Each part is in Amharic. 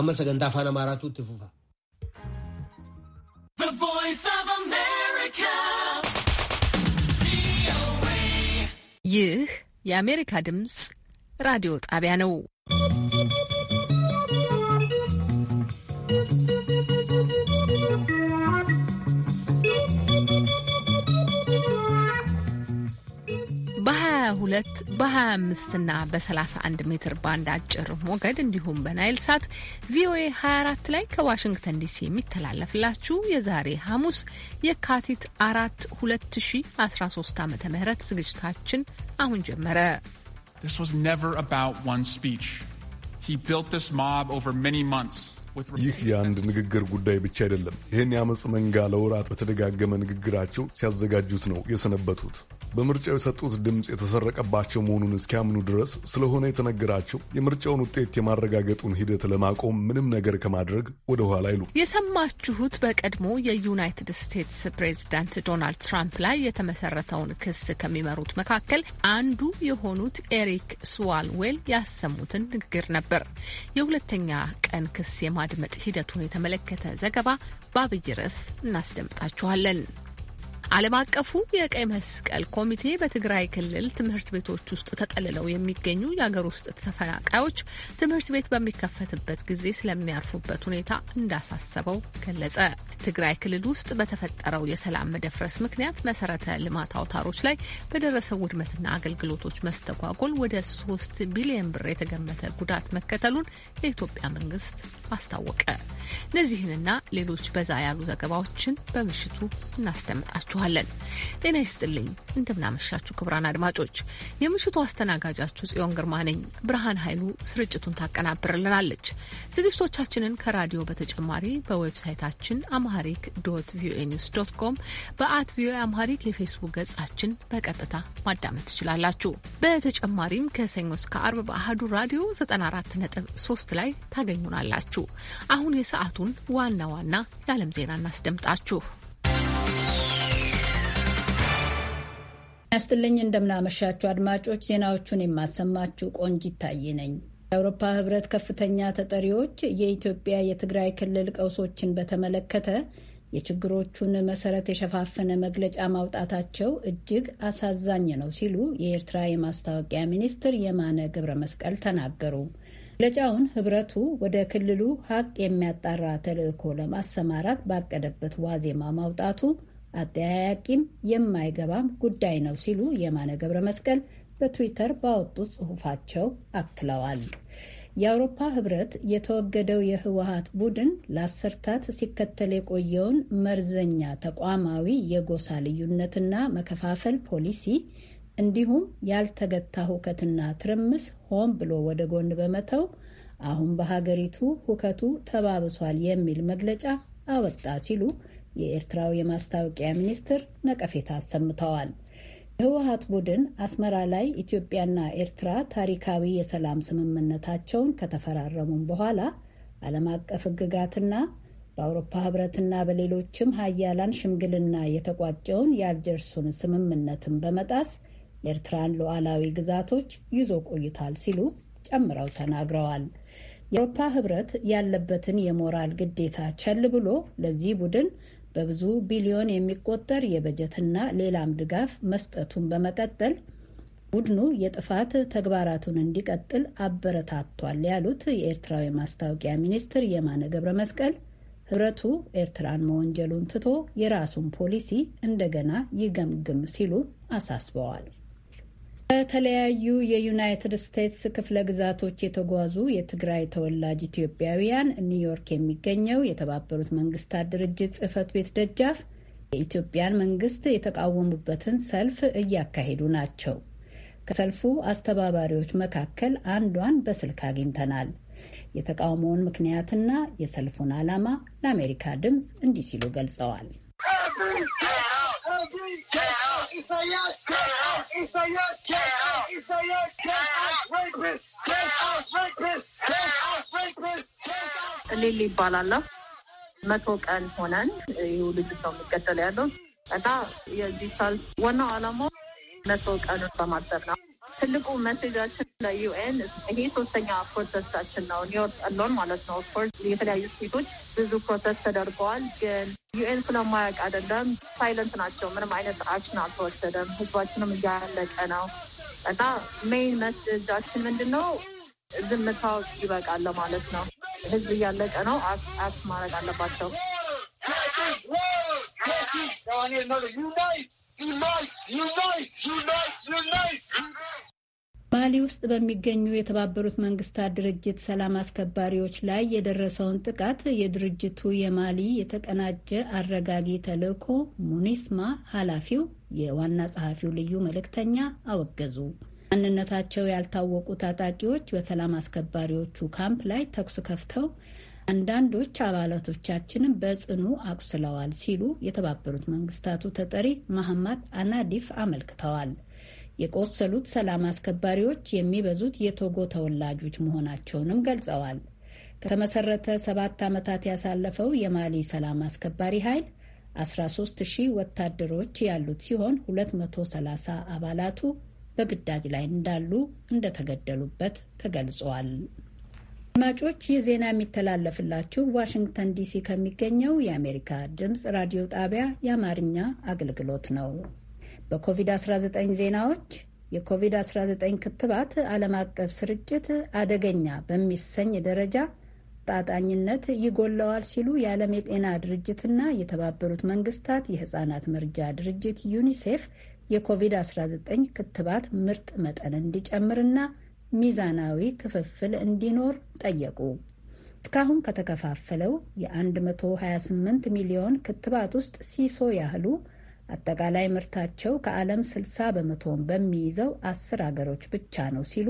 አመሰገንታ አፋን አማራቱ ትፉፋ ይህ የአሜሪካ ድምፅ ራዲዮ ጣቢያ ነው። በ በ25 እና በ31 ሜትር ባንድ አጭር ሞገድ እንዲሁም በናይል ሳት ቪኦኤ 24 ላይ ከዋሽንግተን ዲሲ የሚተላለፍላችሁ የዛሬ ሐሙስ የካቲት አራት 2013 ዓ ም ዝግጅታችን አሁን ጀመረ። This was never about one speech. He built this mob over many months. ይህ የአንድ ንግግር ጉዳይ ብቻ አይደለም። ይህን የአመፅ መንጋ ለወራት በተደጋገመ ንግግራቸው ሲያዘጋጁት ነው የሰነበቱት። በምርጫው የሰጡት ድምፅ የተሰረቀባቸው መሆኑን እስኪያምኑ ድረስ ስለሆነ የተነገራቸው የምርጫውን ውጤት የማረጋገጡን ሂደት ለማቆም ምንም ነገር ከማድረግ ወደ ኋላ አይሉ። የሰማችሁት በቀድሞ የዩናይትድ ስቴትስ ፕሬዚዳንት ዶናልድ ትራምፕ ላይ የተመሰረተውን ክስ ከሚመሩት መካከል አንዱ የሆኑት ኤሪክ ስዋልዌል ያሰሙትን ንግግር ነበር። የሁለተኛ ቀን ክስ የማድመጥ ሂደቱን የተመለከተ ዘገባ በአብይ ርዕስ እናስደምጣችኋለን። ዓለም አቀፉ የቀይ መስቀል ኮሚቴ በትግራይ ክልል ትምህርት ቤቶች ውስጥ ተጠልለው የሚገኙ የሀገር ውስጥ ተፈናቃዮች ትምህርት ቤት በሚከፈትበት ጊዜ ስለሚያርፉበት ሁኔታ እንዳሳሰበው ገለጸ። ትግራይ ክልል ውስጥ በተፈጠረው የሰላም መደፍረስ ምክንያት መሰረተ ልማት አውታሮች ላይ በደረሰው ውድመትና አገልግሎቶች መስተጓጎል ወደ ሶስት ቢሊዮን ብር የተገመተ ጉዳት መከተሉን የኢትዮጵያ መንግስት አስታወቀ። እነዚህንና ሌሎች በዛ ያሉ ዘገባዎችን በምሽቱ እናስደምጣችኋል። እንላችኋለን። ጤና ይስጥልኝ፣ እንደምናመሻችሁ ክቡራን አድማጮች። የምሽቱ አስተናጋጃችሁ ጽዮን ግርማ ነኝ። ብርሃን ኃይሉ ስርጭቱን ታቀናብርልናለች። ዝግጅቶቻችንን ከራዲዮ በተጨማሪ በዌብሳይታችን አምሃሪክ ዶት ቪኦኤ ኒውስ ዶት ኮም፣ በአት ቪኦኤ አምሃሪክ የፌስቡክ ገጻችን በቀጥታ ማዳመጥ ትችላላችሁ። በተጨማሪም ከሰኞ እስከ አርብ በአህዱ ራዲዮ 94.3 ላይ ታገኙናላችሁ። አሁን የሰዓቱን ዋና ዋና የዓለም ዜና እናስደምጣችሁ። ያስጥልኝ እንደምናመሻችሁ አድማጮች፣ ዜናዎቹን የማሰማችሁ ቆንጅ ይታየ ነኝ። የአውሮፓ ህብረት ከፍተኛ ተጠሪዎች የኢትዮጵያ የትግራይ ክልል ቀውሶችን በተመለከተ የችግሮቹን መሰረት የሸፋፈነ መግለጫ ማውጣታቸው እጅግ አሳዛኝ ነው ሲሉ የኤርትራ የማስታወቂያ ሚኒስትር የማነ ገብረ መስቀል ተናገሩ። መግለጫውን ህብረቱ ወደ ክልሉ ሀቅ የሚያጣራ ተልዕኮ ለማሰማራት ባቀደበት ዋዜማ ማውጣቱ አጠያያቂም የማይገባም ጉዳይ ነው ሲሉ የማነ ገብረ መስቀል በትዊተር ባወጡት ጽሑፋቸው አክለዋል። የአውሮፓ ህብረት የተወገደው የህወሀት ቡድን ለአሰርታት ሲከተል የቆየውን መርዘኛ ተቋማዊ የጎሳ ልዩነትና መከፋፈል ፖሊሲ እንዲሁም ያልተገታ ሁከትና ትርምስ ሆን ብሎ ወደ ጎን በመተው አሁን በሀገሪቱ ሁከቱ ተባብሷል የሚል መግለጫ አወጣ ሲሉ የኤርትራው የማስታወቂያ ሚኒስትር ነቀፌታ አሰምተዋል። የህወሀት ቡድን አስመራ ላይ ኢትዮጵያና ኤርትራ ታሪካዊ የሰላም ስምምነታቸውን ከተፈራረሙም በኋላ ዓለም አቀፍ ህግጋትና በአውሮፓ ህብረትና በሌሎችም ሀያላን ሽምግልና የተቋጨውን የአልጀርሱን ስምምነትን በመጣስ ኤርትራን ሉዓላዊ ግዛቶች ይዞ ቆይታል ሲሉ ጨምረው ተናግረዋል። የአውሮፓ ህብረት ያለበትን የሞራል ግዴታ ቸል ብሎ ለዚህ ቡድን በብዙ ቢሊዮን የሚቆጠር የበጀትና ሌላም ድጋፍ መስጠቱን በመቀጠል ቡድኑ የጥፋት ተግባራቱን እንዲቀጥል አበረታቷል ያሉት የኤርትራዊ ማስታወቂያ ሚኒስትር የማነ ገብረ መስቀል ህብረቱ ኤርትራን መወንጀሉን ትቶ የራሱን ፖሊሲ እንደገና ይገምግም ሲሉ አሳስበዋል። ከተለያዩ የዩናይትድ ስቴትስ ክፍለ ግዛቶች የተጓዙ የትግራይ ተወላጅ ኢትዮጵያውያን ኒውዮርክ የሚገኘው የተባበሩት መንግስታት ድርጅት ጽህፈት ቤት ደጃፍ የኢትዮጵያን መንግስት የተቃወሙበትን ሰልፍ እያካሄዱ ናቸው። ከሰልፉ አስተባባሪዎች መካከል አንዷን በስልክ አግኝተናል። የተቃውሞውን ምክንያትና የሰልፉን ዓላማ ለአሜሪካ ድምፅ እንዲህ ሲሉ ገልጸዋል። out, get ይባላለሁ። መቶ ቀን ሆነን ልጅ ያለው እና ዋናው ዓላማው መቶ በማሰብ ነው። ትልቁ መሴጃችን ለዩኤን ይሄ ሶስተኛ ፕሮቴስታችን ነው። ኒውዮርክ ሎን ማለት ነው። ኦፍኮርስ የተለያዩ ስቴቶች ብዙ ፕሮቴስት ተደርገዋል። ግን ዩኤን ስለማያውቅ አይደለም፣ ሳይለንት ናቸው። ምንም አይነት አክሽን አልተወሰደም። ህዝባችንም እያለቀ ነው እና ሜይን መሴጃችን ምንድን ነው? ዝምታው ይበቃል ማለት ነው። ህዝብ እያለቀ ነው። አክት ማድረግ አለባቸው። ማሊ ውስጥ በሚገኙ የተባበሩት መንግስታት ድርጅት ሰላም አስከባሪዎች ላይ የደረሰውን ጥቃት የድርጅቱ የማሊ የተቀናጀ አረጋጊ ተልእኮ ሙኒስማ ኃላፊው የዋና ጸሐፊው ልዩ መልእክተኛ አወገዙ። ማንነታቸው ያልታወቁ ታጣቂዎች በሰላም አስከባሪዎቹ ካምፕ ላይ ተኩስ ከፍተው አንዳንዶች አባላቶቻችንም በጽኑ አቁስለዋል ሲሉ የተባበሩት መንግስታቱ ተጠሪ መሐማት አናዲፍ አመልክተዋል። የቆሰሉት ሰላም አስከባሪዎች የሚበዙት የቶጎ ተወላጆች መሆናቸውንም ገልጸዋል። ከተመሰረተ ሰባት ዓመታት ያሳለፈው የማሊ ሰላም አስከባሪ ኃይል 13 ሺህ ወታደሮች ያሉት ሲሆን 230 አባላቱ በግዳጅ ላይ እንዳሉ እንደተገደሉበት ተገልጿል። አድማጮች ይህ ዜና የሚተላለፍላችሁ ዋሽንግተን ዲሲ ከሚገኘው የአሜሪካ ድምፅ ራዲዮ ጣቢያ የአማርኛ አገልግሎት ነው። በኮቪድ-19 ዜናዎች የኮቪድ-19 ክትባት ዓለም አቀፍ ስርጭት አደገኛ በሚሰኝ ደረጃ ጣጣኝነት ይጎለዋል ሲሉ የዓለም የጤና ድርጅትና የተባበሩት መንግስታት የህፃናት መርጃ ድርጅት ዩኒሴፍ የኮቪድ-19 ክትባት ምርጥ መጠን እንዲጨምርና ሚዛናዊ ክፍፍል እንዲኖር ጠየቁ። እስካሁን ከተከፋፈለው የ128 ሚሊዮን ክትባት ውስጥ ሲሶ ያህሉ አጠቃላይ ምርታቸው ከዓለም 60 በመቶን በሚይዘው አስር አገሮች ብቻ ነው ሲሉ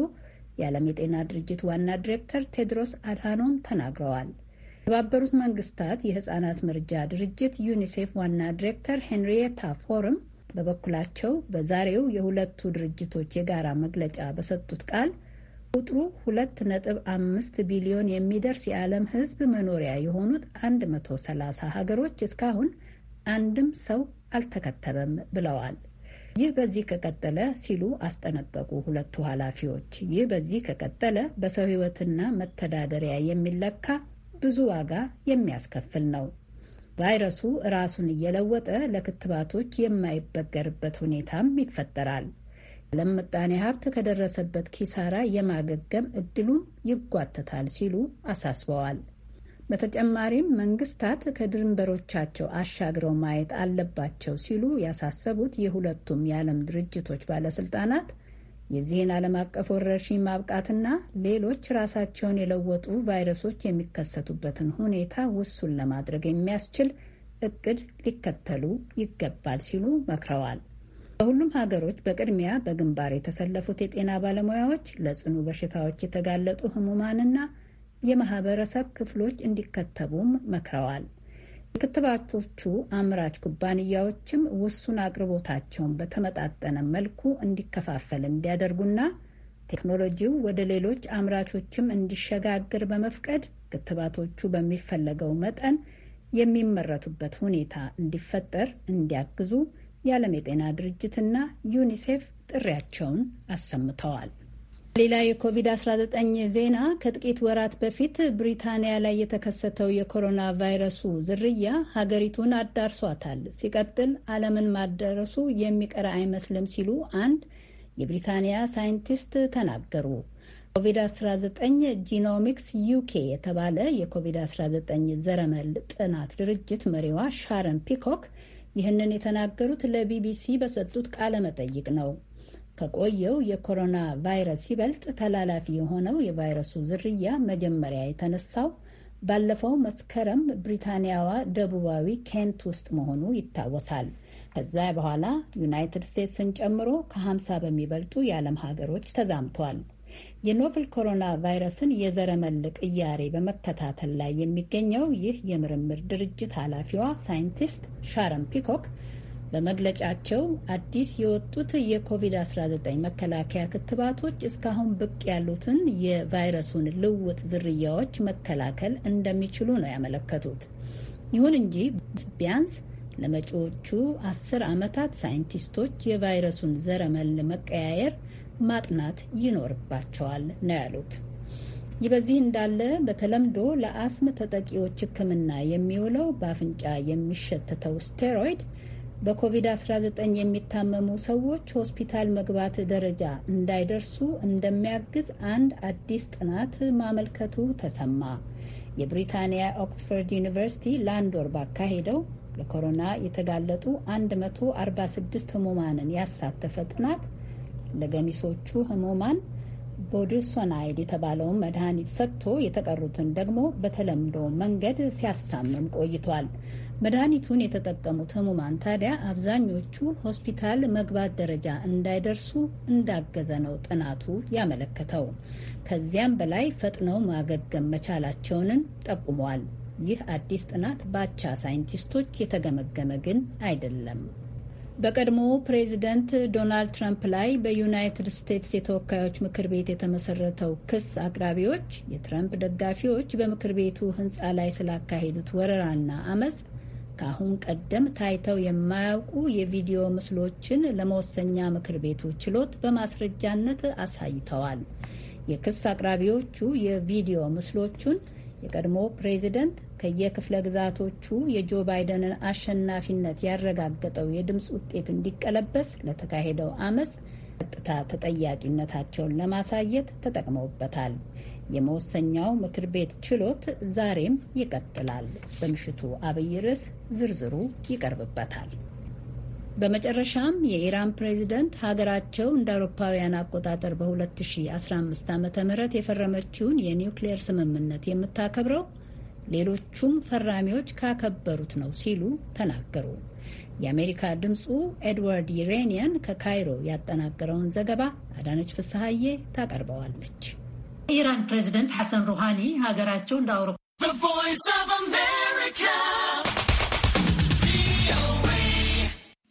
የዓለም የጤና ድርጅት ዋና ዲሬክተር ቴድሮስ አድሃኖም ተናግረዋል። የተባበሩት መንግስታት የህፃናት መርጃ ድርጅት ዩኒሴፍ ዋና ዲሬክተር ሄንሪየታ ፎርም በበኩላቸው በዛሬው የሁለቱ ድርጅቶች የጋራ መግለጫ በሰጡት ቃል ቁጥሩ ሁለት ነጥብ አምስት ቢሊዮን የሚደርስ የዓለም ሕዝብ መኖሪያ የሆኑት 130 ሀገሮች እስካሁን አንድም ሰው አልተከተበም ብለዋል። ይህ በዚህ ከቀጠለ ሲሉ አስጠነቀቁ ሁለቱ ኃላፊዎች። ይህ በዚህ ከቀጠለ በሰው ሕይወትና መተዳደሪያ የሚለካ ብዙ ዋጋ የሚያስከፍል ነው። ቫይረሱ ራሱን እየለወጠ ለክትባቶች የማይበገርበት ሁኔታም ይፈጠራል። ለምጣኔ ምጣኔ ሀብት ከደረሰበት ኪሳራ የማገገም እድሉን ይጓተታል ሲሉ አሳስበዋል። በተጨማሪም መንግስታት ከድንበሮቻቸው አሻግረው ማየት አለባቸው ሲሉ ያሳሰቡት የሁለቱም የዓለም ድርጅቶች ባለስልጣናት የዚህን ዓለም አቀፍ ወረርሽኝ ማብቃትና ሌሎች ራሳቸውን የለወጡ ቫይረሶች የሚከሰቱበትን ሁኔታ ውሱን ለማድረግ የሚያስችል እቅድ ሊከተሉ ይገባል ሲሉ መክረዋል። በሁሉም ሀገሮች በቅድሚያ በግንባር የተሰለፉት የጤና ባለሙያዎች ለጽኑ በሽታዎች የተጋለጡ ህሙማንና የማህበረሰብ ክፍሎች እንዲከተቡም መክረዋል። የክትባቶቹ አምራች ኩባንያዎችም ውሱን አቅርቦታቸውን በተመጣጠነ መልኩ እንዲከፋፈል እንዲያደርጉና ቴክኖሎጂው ወደ ሌሎች አምራቾችም እንዲሸጋግር በመፍቀድ ክትባቶቹ በሚፈለገው መጠን የሚመረቱበት ሁኔታ እንዲፈጠር እንዲያግዙ የዓለም የጤና ድርጅትና ዩኒሴፍ ጥሪያቸውን አሰምተዋል። ሌላ የኮቪድ-19 ዜና ከጥቂት ወራት በፊት ብሪታንያ ላይ የተከሰተው የኮሮና ቫይረሱ ዝርያ ሀገሪቱን አዳርሷታል፣ ሲቀጥል ዓለምን ማዳረሱ የሚቀር አይመስልም ሲሉ አንድ የብሪታንያ ሳይንቲስት ተናገሩ። ኮቪድ-19 ጂኖሚክስ ዩኬ የተባለ የኮቪድ-19 ዘረመል ጥናት ድርጅት መሪዋ ሻረን ፒኮክ ይህንን የተናገሩት ለቢቢሲ በሰጡት ቃለ መጠይቅ ነው። ከቆየው የኮሮና ቫይረስ ይበልጥ ተላላፊ የሆነው የቫይረሱ ዝርያ መጀመሪያ የተነሳው ባለፈው መስከረም ብሪታንያዋ ደቡባዊ ኬንት ውስጥ መሆኑ ይታወሳል። ከዛ በኋላ ዩናይትድ ስቴትስን ጨምሮ ከ50 በሚበልጡ የዓለም ሀገሮች ተዛምቷል። የኖቨል ኮሮና ቫይረስን የዘረመል ቅያሬ በመከታተል ላይ የሚገኘው ይህ የምርምር ድርጅት ኃላፊዋ ሳይንቲስት ሻረን ፒኮክ በመግለጫቸው አዲስ የወጡት የኮቪድ-19 መከላከያ ክትባቶች እስካሁን ብቅ ያሉትን የቫይረሱን ልውጥ ዝርያዎች መከላከል እንደሚችሉ ነው ያመለከቱት። ይሁን እንጂ ቢያንስ ለመጪዎቹ አስር ዓመታት ሳይንቲስቶች የቫይረሱን ዘረመል መቀያየር ማጥናት ይኖርባቸዋል ነው ያሉት። ይህ በዚህ እንዳለ በተለምዶ ለአስም ተጠቂዎች ሕክምና የሚውለው በአፍንጫ የሚሸተተው ስቴሮይድ በኮቪድ-19 የሚታመሙ ሰዎች ሆስፒታል መግባት ደረጃ እንዳይደርሱ እንደሚያግዝ አንድ አዲስ ጥናት ማመልከቱ ተሰማ። የብሪታንያ ኦክስፎርድ ዩኒቨርሲቲ ለአንድ ወር ባካሄደው ለኮሮና የተጋለጡ 146 ህሙማንን ያሳተፈ ጥናት ለገሚሶቹ ህሙማን ቦድሶናይድ የተባለውን መድኃኒት ሰጥቶ የተቀሩትን ደግሞ በተለምዶ መንገድ ሲያስታምም ቆይቷል። መድኃኒቱን የተጠቀሙት ህሙማን ታዲያ አብዛኞቹ ሆስፒታል መግባት ደረጃ እንዳይደርሱ እንዳገዘ ነው ጥናቱ ያመለከተው። ከዚያም በላይ ፈጥነው ማገገም መቻላቸውንን ጠቁሟል። ይህ አዲስ ጥናት በአቻ ሳይንቲስቶች የተገመገመ ግን አይደለም። በቀድሞ ፕሬዚደንት ዶናልድ ትራምፕ ላይ በዩናይትድ ስቴትስ የተወካዮች ምክር ቤት የተመሰረተው ክስ አቅራቢዎች የትራምፕ ደጋፊዎች በምክር ቤቱ ሕንፃ ላይ ስላካሄዱት ወረራና አመፅ ከአሁን ቀደም ታይተው የማያውቁ የቪዲዮ ምስሎችን ለመወሰኛ ምክር ቤቱ ችሎት በማስረጃነት አሳይተዋል። የክስ አቅራቢዎቹ የቪዲዮ ምስሎቹን የቀድሞ ፕሬዚደንት ከየክፍለ ግዛቶቹ የጆ ባይደንን አሸናፊነት ያረጋገጠው የድምፅ ውጤት እንዲቀለበስ ለተካሄደው አመፅ ቀጥታ ተጠያቂነታቸውን ለማሳየት ተጠቅመውበታል። የመወሰኛው ምክር ቤት ችሎት ዛሬም ይቀጥላል። በምሽቱ አብይ ርዕስ ዝርዝሩ ይቀርብበታል። በመጨረሻም የኢራን ፕሬዚደንት ሀገራቸው እንደ አውሮፓውያን አቆጣጠር በ2015 ዓ ም የፈረመችውን የኒውክሌር ስምምነት የምታከብረው ሌሎቹም ፈራሚዎች ካከበሩት ነው ሲሉ ተናገሩ። የአሜሪካ ድምፁ ኤድዋርድ ዩሬኒየን ከካይሮ ያጠናቀረውን ዘገባ አዳነች ፍስሐዬ ታቀርበዋለች። የኢራን ፕሬዚደንት ሐሰን ሩሃኒ ሀገራቸው እንደ አውሮፓ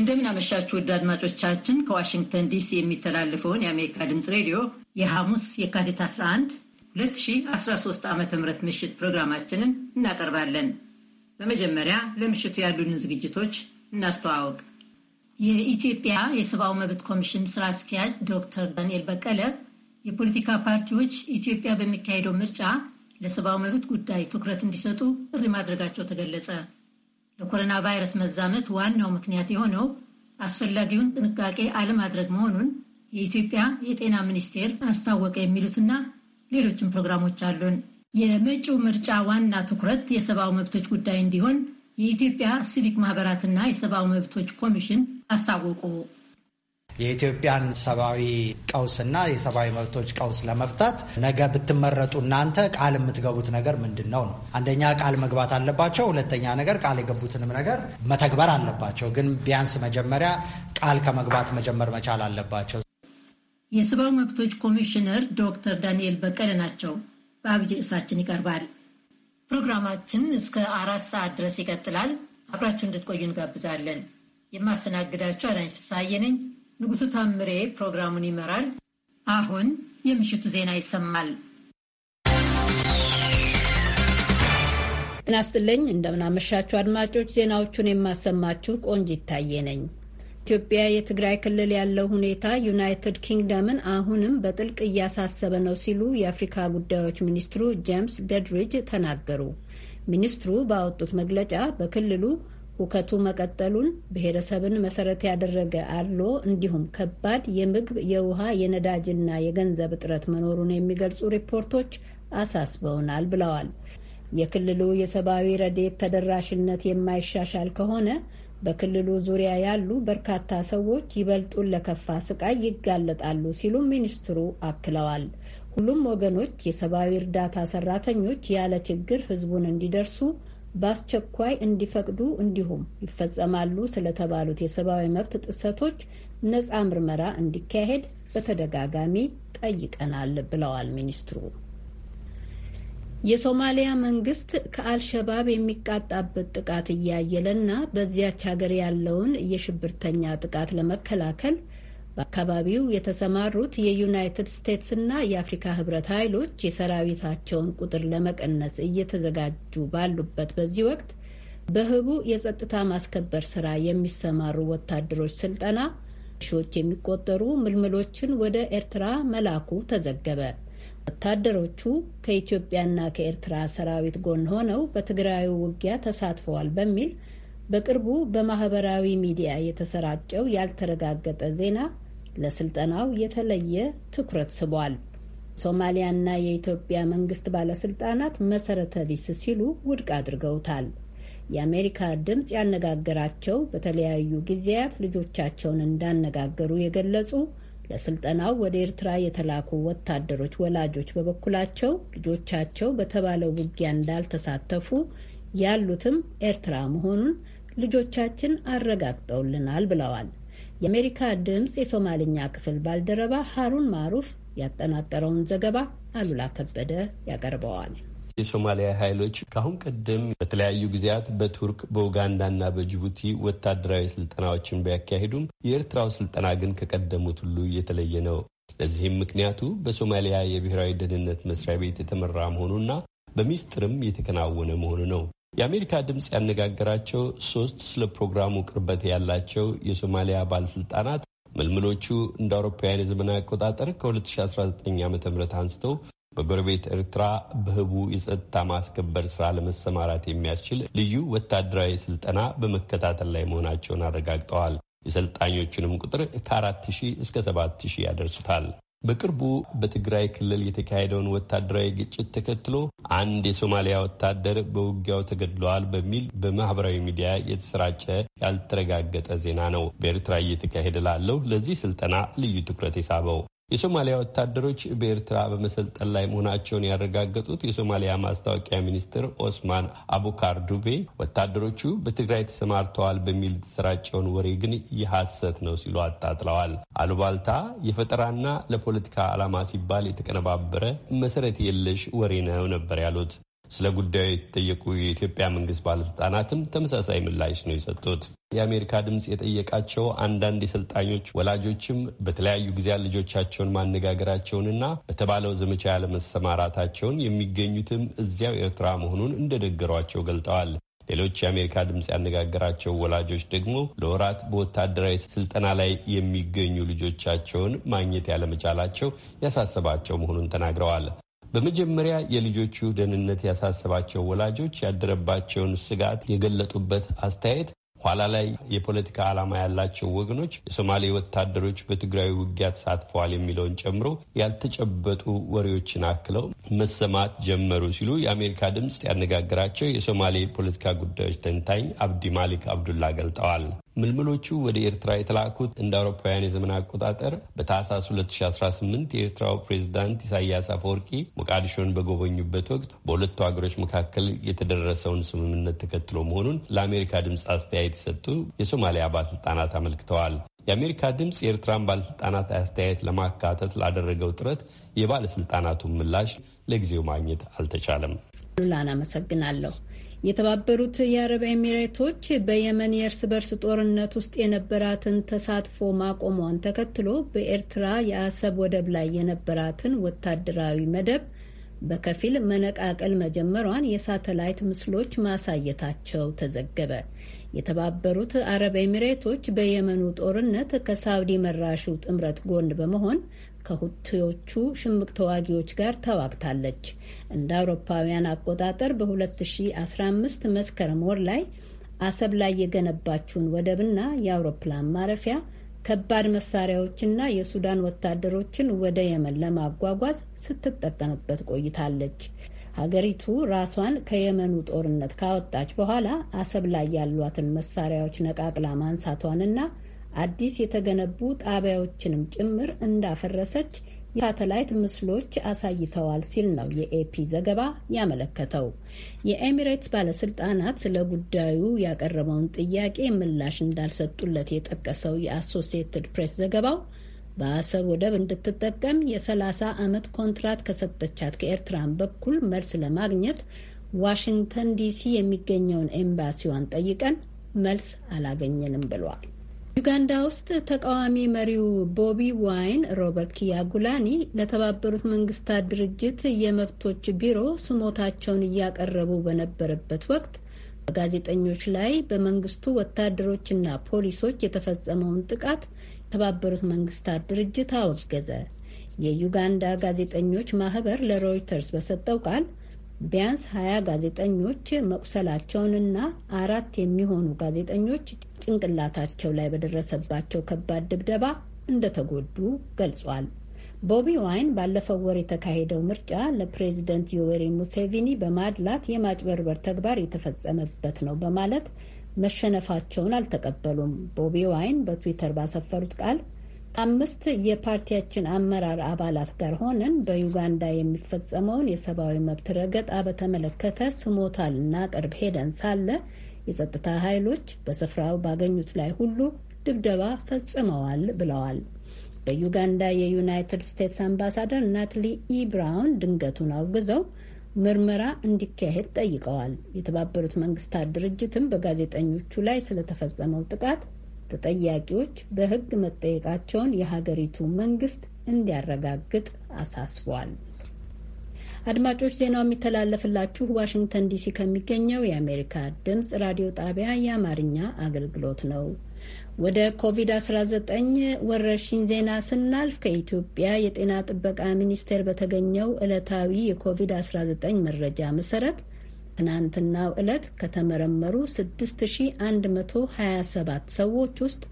እንደምን አመሻችሁ ውድ አድማጮቻችን። ከዋሽንግተን ዲሲ የሚተላለፈውን የአሜሪካ ድምፅ ሬዲዮ የሐሙስ የካቲት 11 2013 ዓ ም ምሽት ፕሮግራማችንን እናቀርባለን። በመጀመሪያ ለምሽቱ ያሉንን ዝግጅቶች እናስተዋውቅ። የኢትዮጵያ የሰብአዊ መብት ኮሚሽን ስራ አስኪያጅ ዶክተር ዳንኤል በቀለ የፖለቲካ ፓርቲዎች ኢትዮጵያ በሚካሄደው ምርጫ ለሰብአዊ መብት ጉዳይ ትኩረት እንዲሰጡ ጥሪ ማድረጋቸው ተገለጸ። ለኮሮና ቫይረስ መዛመት ዋናው ምክንያት የሆነው አስፈላጊውን ጥንቃቄ አለማድረግ መሆኑን የኢትዮጵያ የጤና ሚኒስቴር አስታወቀ። የሚሉትና ሌሎችም ፕሮግራሞች አሉን። የመጪው ምርጫ ዋና ትኩረት የሰብአዊ መብቶች ጉዳይ እንዲሆን የኢትዮጵያ ሲቪክ ማህበራትና የሰብአዊ መብቶች ኮሚሽን አስታወቁ። የኢትዮጵያን ሰብአዊ ቀውስና የሰብአዊ መብቶች ቀውስ ለመፍታት ነገ ብትመረጡ እናንተ ቃል የምትገቡት ነገር ምንድን ነው ነው? አንደኛ ቃል መግባት አለባቸው። ሁለተኛ ነገር ቃል የገቡትንም ነገር መተግበር አለባቸው። ግን ቢያንስ መጀመሪያ ቃል ከመግባት መጀመር መቻል አለባቸው። የሰብአዊ መብቶች ኮሚሽነር ዶክተር ዳንኤል በቀለ ናቸው። በአብይ ርዕሳችን ይቀርባል። ፕሮግራማችን እስከ አራት ሰዓት ድረስ ይቀጥላል። አብራችሁ እንድትቆዩ እንጋብዛለን። የማስተናግዳችሁ አዳኝ ፍስሐዬ ነኝ። ንጉሱ ታምሬ ፕሮግራሙን ይመራል። አሁን የምሽቱ ዜና ይሰማል። ጤና ይስጥልኝ። እንደምናመሻችሁ አድማጮች፣ ዜናዎቹን የማሰማችሁ ቆንጅ ይታየ ነኝ። ኢትዮጵያ የትግራይ ክልል ያለው ሁኔታ ዩናይትድ ኪንግደምን አሁንም በጥልቅ እያሳሰበ ነው ሲሉ የአፍሪካ ጉዳዮች ሚኒስትሩ ጄምስ ደድሪጅ ተናገሩ። ሚኒስትሩ ባወጡት መግለጫ በክልሉ ሁከቱ መቀጠሉን ብሔረሰብን መሰረት ያደረገ አሎ እንዲሁም ከባድ የምግብ፣ የውሃ፣ የነዳጅና የገንዘብ እጥረት መኖሩን የሚገልጹ ሪፖርቶች አሳስበውናል ብለዋል። የክልሉ የሰብአዊ ረዴት ተደራሽነት የማይሻሻል ከሆነ በክልሉ ዙሪያ ያሉ በርካታ ሰዎች ይበልጡን ለከፋ ስቃይ ይጋለጣሉ ሲሉ ሚኒስትሩ አክለዋል። ሁሉም ወገኖች የሰብአዊ እርዳታ ሰራተኞች ያለ ችግር ህዝቡን እንዲደርሱ በአስቸኳይ እንዲፈቅዱ እንዲሁም ይፈጸማሉ ስለተባሉት የሰብአዊ መብት ጥሰቶች ነጻ ምርመራ እንዲካሄድ በተደጋጋሚ ጠይቀናል ብለዋል ሚኒስትሩ። የሶማሊያ መንግስት ከአልሸባብ የሚቃጣበት ጥቃት እያየለና በዚያች ሀገር ያለውን የሽብርተኛ ጥቃት ለመከላከል በአካባቢው የተሰማሩት የዩናይትድ ስቴትስና የአፍሪካ ህብረት ኃይሎች የሰራዊታቸውን ቁጥር ለመቀነስ እየተዘጋጁ ባሉበት በዚህ ወቅት በህቡ የጸጥታ ማስከበር ስራ የሚሰማሩ ወታደሮች ስልጠና ሺዎች የሚቆጠሩ ምልምሎችን ወደ ኤርትራ መላኩ ተዘገበ። ወታደሮቹ ከኢትዮጵያና ከኤርትራ ሰራዊት ጎን ሆነው በትግራዩ ውጊያ ተሳትፈዋል በሚል በቅርቡ በማህበራዊ ሚዲያ የተሰራጨው ያልተረጋገጠ ዜና ለስልጠናው የተለየ ትኩረት ስቧል። ሶማሊያና የኢትዮጵያ መንግስት ባለስልጣናት መሰረተ ቢስ ሲሉ ውድቅ አድርገውታል። የአሜሪካ ድምፅ ያነጋገራቸው በተለያዩ ጊዜያት ልጆቻቸውን እንዳነጋገሩ የገለጹ ለስልጠናው ወደ ኤርትራ የተላኩ ወታደሮች ወላጆች በበኩላቸው ልጆቻቸው በተባለው ውጊያ እንዳልተሳተፉ ያሉትም ኤርትራ መሆኑን ልጆቻችን አረጋግጠውልናል ብለዋል። የአሜሪካ ድምፅ የሶማልኛ ክፍል ባልደረባ ሀሩን ማሩፍ ያጠናቀረውን ዘገባ አሉላ ከበደ ያቀርበዋል። የሶማሊያ ኃይሎች ከአሁን ቀደም በተለያዩ ጊዜያት በቱርክ በኡጋንዳና በጅቡቲ ወታደራዊ ስልጠናዎችን ቢያካሂዱም የኤርትራው ስልጠና ግን ከቀደሙት ሁሉ የተለየ ነው። ለዚህም ምክንያቱ በሶማሊያ የብሔራዊ ደህንነት መስሪያ ቤት የተመራ መሆኑና በሚስጥርም የተከናወነ መሆኑ ነው። የአሜሪካ ድምፅ ያነጋገራቸው ሶስት ስለ ፕሮግራሙ ቅርበት ያላቸው የሶማሊያ ባለስልጣናት ምልምሎቹ እንደ አውሮፓውያን የዘመን አቆጣጠር ከ2019 ዓ ም አንስተው በጎረቤት ኤርትራ በህቡ የጸጥታ ማስከበር ስራ ለመሰማራት የሚያስችል ልዩ ወታደራዊ ስልጠና በመከታተል ላይ መሆናቸውን አረጋግጠዋል። የሰልጣኞቹንም ቁጥር ከ ሺህ እስከ ሺህ ያደርሱታል። በቅርቡ በትግራይ ክልል የተካሄደውን ወታደራዊ ግጭት ተከትሎ አንድ የሶማሊያ ወታደር በውጊያው ተገድለዋል በሚል በማህበራዊ ሚዲያ የተሰራጨ ያልተረጋገጠ ዜና ነው በኤርትራ እየተካሄደ ላለው ለዚህ ስልጠና ልዩ ትኩረት የሳበው። የሶማሊያ ወታደሮች በኤርትራ በመሰልጠን ላይ መሆናቸውን ያረጋገጡት የሶማሊያ ማስታወቂያ ሚኒስትር ኦስማን አቡካር ዱቤ ወታደሮቹ በትግራይ ተሰማርተዋል በሚል የተሰራጨውን ወሬ ግን የሐሰት ነው ሲሉ አጣጥለዋል። አሉባልታ፣ የፈጠራና ለፖለቲካ ዓላማ ሲባል የተቀነባበረ መሰረት የለሽ ወሬ ነው ነበር ያሉት። ስለ ጉዳዩ የተጠየቁ የኢትዮጵያ መንግስት ባለስልጣናትም ተመሳሳይ ምላሽ ነው የሰጡት። የአሜሪካ ድምፅ የጠየቃቸው አንዳንድ የሰልጣኞች ወላጆችም በተለያዩ ጊዜያት ልጆቻቸውን ማነጋገራቸውንና በተባለው ዘመቻ ያለመሰማራታቸውን የሚገኙትም እዚያው ኤርትራ መሆኑን እንደደገሯቸው ገልጠዋል። ሌሎች የአሜሪካ ድምፅ ያነጋገራቸው ወላጆች ደግሞ ለወራት በወታደራዊ ስልጠና ላይ የሚገኙ ልጆቻቸውን ማግኘት ያለመቻላቸው ያሳሰባቸው መሆኑን ተናግረዋል። በመጀመሪያ የልጆቹ ደህንነት ያሳሰባቸው ወላጆች ያደረባቸውን ስጋት የገለጡበት አስተያየት ኋላ ላይ የፖለቲካ ዓላማ ያላቸው ወገኖች የሶማሌ ወታደሮች በትግራዊ ውጊያ ተሳትፈዋል የሚለውን ጨምሮ ያልተጨበጡ ወሬዎችን አክለው መሰማት ጀመሩ ሲሉ የአሜሪካ ድምፅ ያነጋገራቸው የሶማሌ ፖለቲካ ጉዳዮች ተንታኝ አብዲ ማሊክ አብዱላ ገልጠዋል። ምልምሎቹ ወደ ኤርትራ የተላኩት እንደ አውሮፓውያን የዘመን አቆጣጠር በታህሳስ 2018 የኤርትራው ፕሬዝዳንት ኢሳያስ አፈወርቂ ሞቃዲሾን በጎበኙበት ወቅት በሁለቱ ሀገሮች መካከል የተደረሰውን ስምምነት ተከትሎ መሆኑን ለአሜሪካ ድምፅ አስተያየት የሰጡ የሶማሊያ ባለስልጣናት አመልክተዋል። የአሜሪካ ድምፅ የኤርትራን ባለስልጣናት አስተያየት ለማካተት ላደረገው ጥረት የባለስልጣናቱን ምላሽ ለጊዜው ማግኘት አልተቻለም። ሉላን አመሰግናለሁ። የተባበሩት የአረብ ኤሚሬቶች በየመን የእርስ በርስ ጦርነት ውስጥ የነበራትን ተሳትፎ ማቆሟን ተከትሎ በኤርትራ የአሰብ ወደብ ላይ የነበራትን ወታደራዊ መደብ በከፊል መነቃቀል መጀመሯን የሳተላይት ምስሎች ማሳየታቸው ተዘገበ። የተባበሩት አረብ ኤሚሬቶች በየመኑ ጦርነት ከሳውዲ መራሹ ጥምረት ጎን በመሆን ከሁቲዎቹ ሽምቅ ተዋጊዎች ጋር ተዋግታለች። እንደ አውሮፓውያን አቆጣጠር በ2015 መስከረም ወር ላይ አሰብ ላይ የገነባችውን ወደብና የአውሮፕላን ማረፊያ ከባድ መሳሪያዎችና የሱዳን ወታደሮችን ወደ የመን ለማጓጓዝ ስትጠቀምበት ቆይታለች። ሀገሪቱ ራሷን ከየመኑ ጦርነት ካወጣች በኋላ አሰብ ላይ ያሏትን መሳሪያዎች ነቃቅላ ማንሳቷንና አዲስ የተገነቡ ጣቢያዎችንም ጭምር እንዳፈረሰች የሳተላይት ምስሎች አሳይተዋል ሲል ነው የኤፒ ዘገባ ያመለከተው። የኤሚሬትስ ባለስልጣናት ስለ ጉዳዩ ያቀረበውን ጥያቄ ምላሽ እንዳልሰጡለት የጠቀሰው የአሶሲየትድ ፕሬስ ዘገባው በአሰብ ወደብ እንድትጠቀም የ30 ዓመት ኮንትራት ከሰጠቻት ከኤርትራን በኩል መልስ ለማግኘት ዋሽንግተን ዲሲ የሚገኘውን ኤምባሲዋን ጠይቀን መልስ አላገኘንም ብሏል። ዩጋንዳ ውስጥ ተቃዋሚ መሪው ቦቢ ዋይን ሮበርት ኪያጉላኒ ለተባበሩት መንግስታት ድርጅት የመብቶች ቢሮ ስሞታቸውን እያቀረቡ በነበረበት ወቅት በጋዜጠኞች ላይ በመንግስቱ ወታደሮችና ፖሊሶች የተፈጸመውን ጥቃት የተባበሩት መንግስታት ድርጅት አወገዘ። የዩጋንዳ ጋዜጠኞች ማህበር ለሮይተርስ በሰጠው ቃል ቢያንስ ሀያ ጋዜጠኞች መቁሰላቸውንና አራት የሚሆኑ ጋዜጠኞች ጭንቅላታቸው ላይ በደረሰባቸው ከባድ ድብደባ እንደተጎዱ ገልጿል። ቦቢ ዋይን ባለፈው ወር የተካሄደው ምርጫ ለፕሬዚደንት ዮዌሪ ሙሴቪኒ በማድላት የማጭበርበር ተግባር የተፈጸመበት ነው በማለት መሸነፋቸውን አልተቀበሉም። ቦቢ ዋይን በትዊተር ባሰፈሩት ቃል ከአምስት የፓርቲያችን አመራር አባላት ጋር ሆነን በዩጋንዳ የሚፈጸመውን የሰብአዊ መብት ረገጣ በተመለከተ ስሞታ ልናቀርብ ሄደን ሳለ የጸጥታ ኃይሎች በስፍራው ባገኙት ላይ ሁሉ ድብደባ ፈጽመዋል ብለዋል። በዩጋንዳ የዩናይትድ ስቴትስ አምባሳደር ናትሊ ኢ ብራውን ድንገቱን አውግዘው ምርመራ እንዲካሄድ ጠይቀዋል። የተባበሩት መንግስታት ድርጅትም በጋዜጠኞቹ ላይ ስለተፈጸመው ጥቃት ተጠያቂዎች በሕግ መጠየቃቸውን የሀገሪቱ መንግስት እንዲያረጋግጥ አሳስቧል። አድማጮች ዜናው የሚተላለፍላችሁ ዋሽንግተን ዲሲ ከሚገኘው የአሜሪካ ድምፅ ራዲዮ ጣቢያ የአማርኛ አገልግሎት ነው። ወደ ኮቪድ-19 ወረርሽኝ ዜና ስናልፍ ከኢትዮጵያ የጤና ጥበቃ ሚኒስቴር በተገኘው ዕለታዊ የኮቪድ-19 መረጃ መሰረት ትናንትናው ዕለት ከተመረመሩ 6127 ሰዎች ውስጥ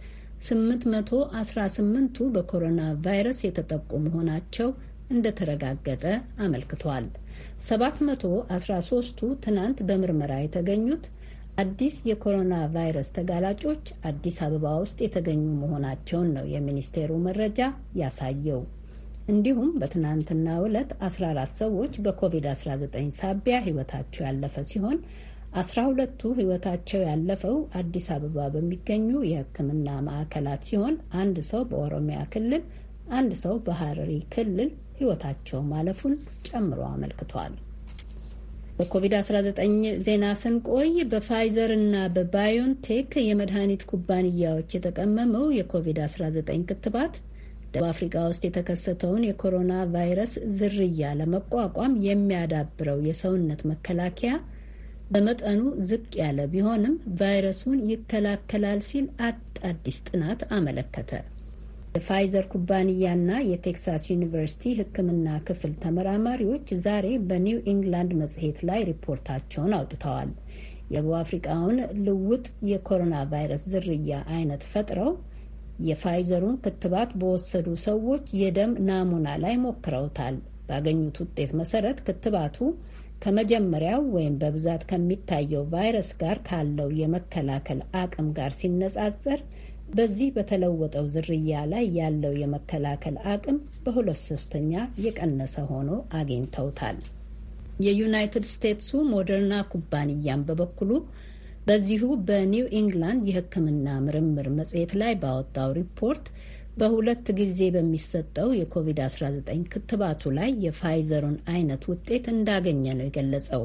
818ቱ በኮሮና ቫይረስ የተጠቁ መሆናቸው እንደተረጋገጠ አመልክቷል። 713ቱ ትናንት በምርመራ የተገኙት አዲስ የኮሮና ቫይረስ ተጋላጮች አዲስ አበባ ውስጥ የተገኙ መሆናቸውን ነው የሚኒስቴሩ መረጃ ያሳየው። እንዲሁም በትናንትና ዕለት 14 ሰዎች በኮቪድ-19 ሳቢያ ሕይወታቸው ያለፈ ሲሆን 12ቱ ሕይወታቸው ያለፈው አዲስ አበባ በሚገኙ የሕክምና ማዕከላት ሲሆን አንድ ሰው በኦሮሚያ ክልል፣ አንድ ሰው በሐረሪ ክልል ሕይወታቸው ማለፉን ጨምሮ አመልክቷል። በኮቪድ-19 ዜና ስንቆይ በፋይዘር እና በባዮንቴክ የመድኃኒት ኩባንያዎች የተቀመመው የኮቪድ-19 ክትባት ደቡብ አፍሪካ ውስጥ የተከሰተውን የኮሮና ቫይረስ ዝርያ ለመቋቋም የሚያዳብረው የሰውነት መከላከያ በመጠኑ ዝቅ ያለ ቢሆንም ቫይረሱን ይከላከላል ሲል አዲስ ጥናት አመለከተ። የፋይዘር ኩባንያና የቴክሳስ ዩኒቨርሲቲ ሕክምና ክፍል ተመራማሪዎች ዛሬ በኒው ኢንግላንድ መጽሔት ላይ ሪፖርታቸውን አውጥተዋል። የደቡብ አፍሪቃውን ልውጥ የኮሮና ቫይረስ ዝርያ አይነት ፈጥረው የፋይዘሩን ክትባት በወሰዱ ሰዎች የደም ናሙና ላይ ሞክረውታል። ባገኙት ውጤት መሰረት ክትባቱ ከመጀመሪያው ወይም በብዛት ከሚታየው ቫይረስ ጋር ካለው የመከላከል አቅም ጋር ሲነጻጸር በዚህ በተለወጠው ዝርያ ላይ ያለው የመከላከል አቅም በሁለት ሶስተኛ የቀነሰ ሆኖ አግኝተውታል። የዩናይትድ ስቴትሱ ሞደርና ኩባንያም በበኩሉ በዚሁ በኒው ኢንግላንድ የሕክምና ምርምር መጽሔት ላይ ባወጣው ሪፖርት በሁለት ጊዜ በሚሰጠው የኮቪድ-19 ክትባቱ ላይ የፋይዘሩን አይነት ውጤት እንዳገኘ ነው የገለጸው።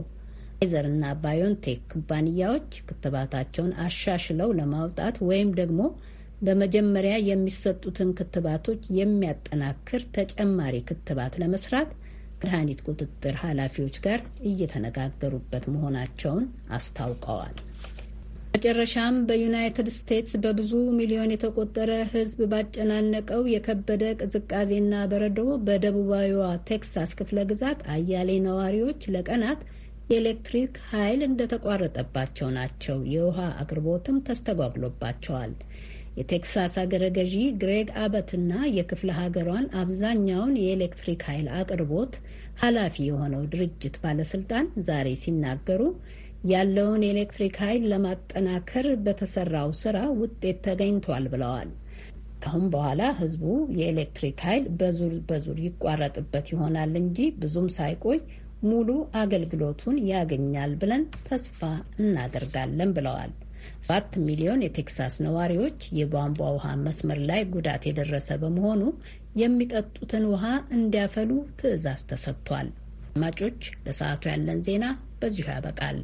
ፋይዘር እና ባዮንቴክ ኩባንያዎች ክትባታቸውን አሻሽለው ለማውጣት ወይም ደግሞ በመጀመሪያ የሚሰጡትን ክትባቶች የሚያጠናክር ተጨማሪ ክትባት ለመስራት ብርሃኒት ቁጥጥር ኃላፊዎች ጋር እየተነጋገሩበት መሆናቸውን አስታውቀዋል። መጨረሻም በዩናይትድ ስቴትስ በብዙ ሚሊዮን የተቆጠረ ሕዝብ ባጨናነቀው የከበደ ቅዝቃዜና በረዶ በደቡባዊዋ ቴክሳስ ክፍለ ግዛት አያሌ ነዋሪዎች ለቀናት የኤሌክትሪክ ኃይል እንደተቋረጠባቸው ናቸው። የውሃ አቅርቦትም ተስተጓጉሎባቸዋል። የቴክሳስ አገረ ገዢ ግሬግ አበትና የክፍለ ሀገሯን አብዛኛውን የኤሌክትሪክ ኃይል አቅርቦት ኃላፊ የሆነው ድርጅት ባለስልጣን ዛሬ ሲናገሩ ያለውን የኤሌክትሪክ ኃይል ለማጠናከር በተሰራው ስራ ውጤት ተገኝቷል ብለዋል። ካሁን በኋላ ህዝቡ የኤሌክትሪክ ኃይል በዙር በዙር ይቋረጥበት ይሆናል እንጂ ብዙም ሳይቆይ ሙሉ አገልግሎቱን ያገኛል ብለን ተስፋ እናደርጋለን ብለዋል። ሰባት ሚሊዮን የቴክሳስ ነዋሪዎች የቧንቧ ውሃ መስመር ላይ ጉዳት የደረሰ በመሆኑ የሚጠጡትን ውሃ እንዲያፈሉ ትዕዛዝ ተሰጥቷል። አድማጮች፣ ለሰዓቱ ያለን ዜና በዚሁ ያበቃል።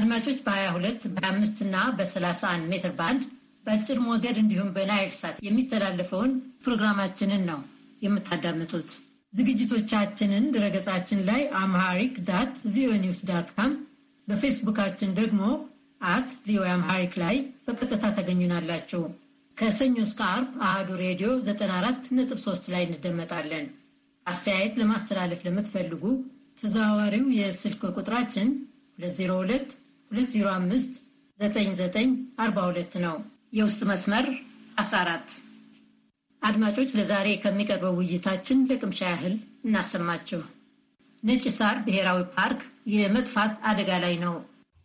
አድማጮች በ22 በ25 እና በ31 ሜትር ባንድ በአጭር ሞገድ እንዲሁም በናይል ሳት የሚተላለፈውን ፕሮግራማችንን ነው የምታዳምጡት። ዝግጅቶቻችንን ድረገጻችን ላይ አምሃሪክ ዳት ቪኦኤ ኒውስ ዳት ካም፣ በፌስቡካችን ደግሞ አት ቪኦኤ አምሃሪክ ላይ በቀጥታ ታገኙናላችሁ። ከሰኞ እስከ አርብ አህዱ ሬዲዮ 94.3 ላይ እንደመጣለን። አስተያየት ለማስተላለፍ ለምትፈልጉ ተዘዋዋሪው የስልክ ቁጥራችን 202 205 9942 ነው። የውስጥ መስመር 14 አድማጮች፣ ለዛሬ ከሚቀርበው ውይይታችን ለቅምሻ ያህል እናሰማችሁ። ነጭ ሳር ብሔራዊ ፓርክ የመጥፋት አደጋ ላይ ነው።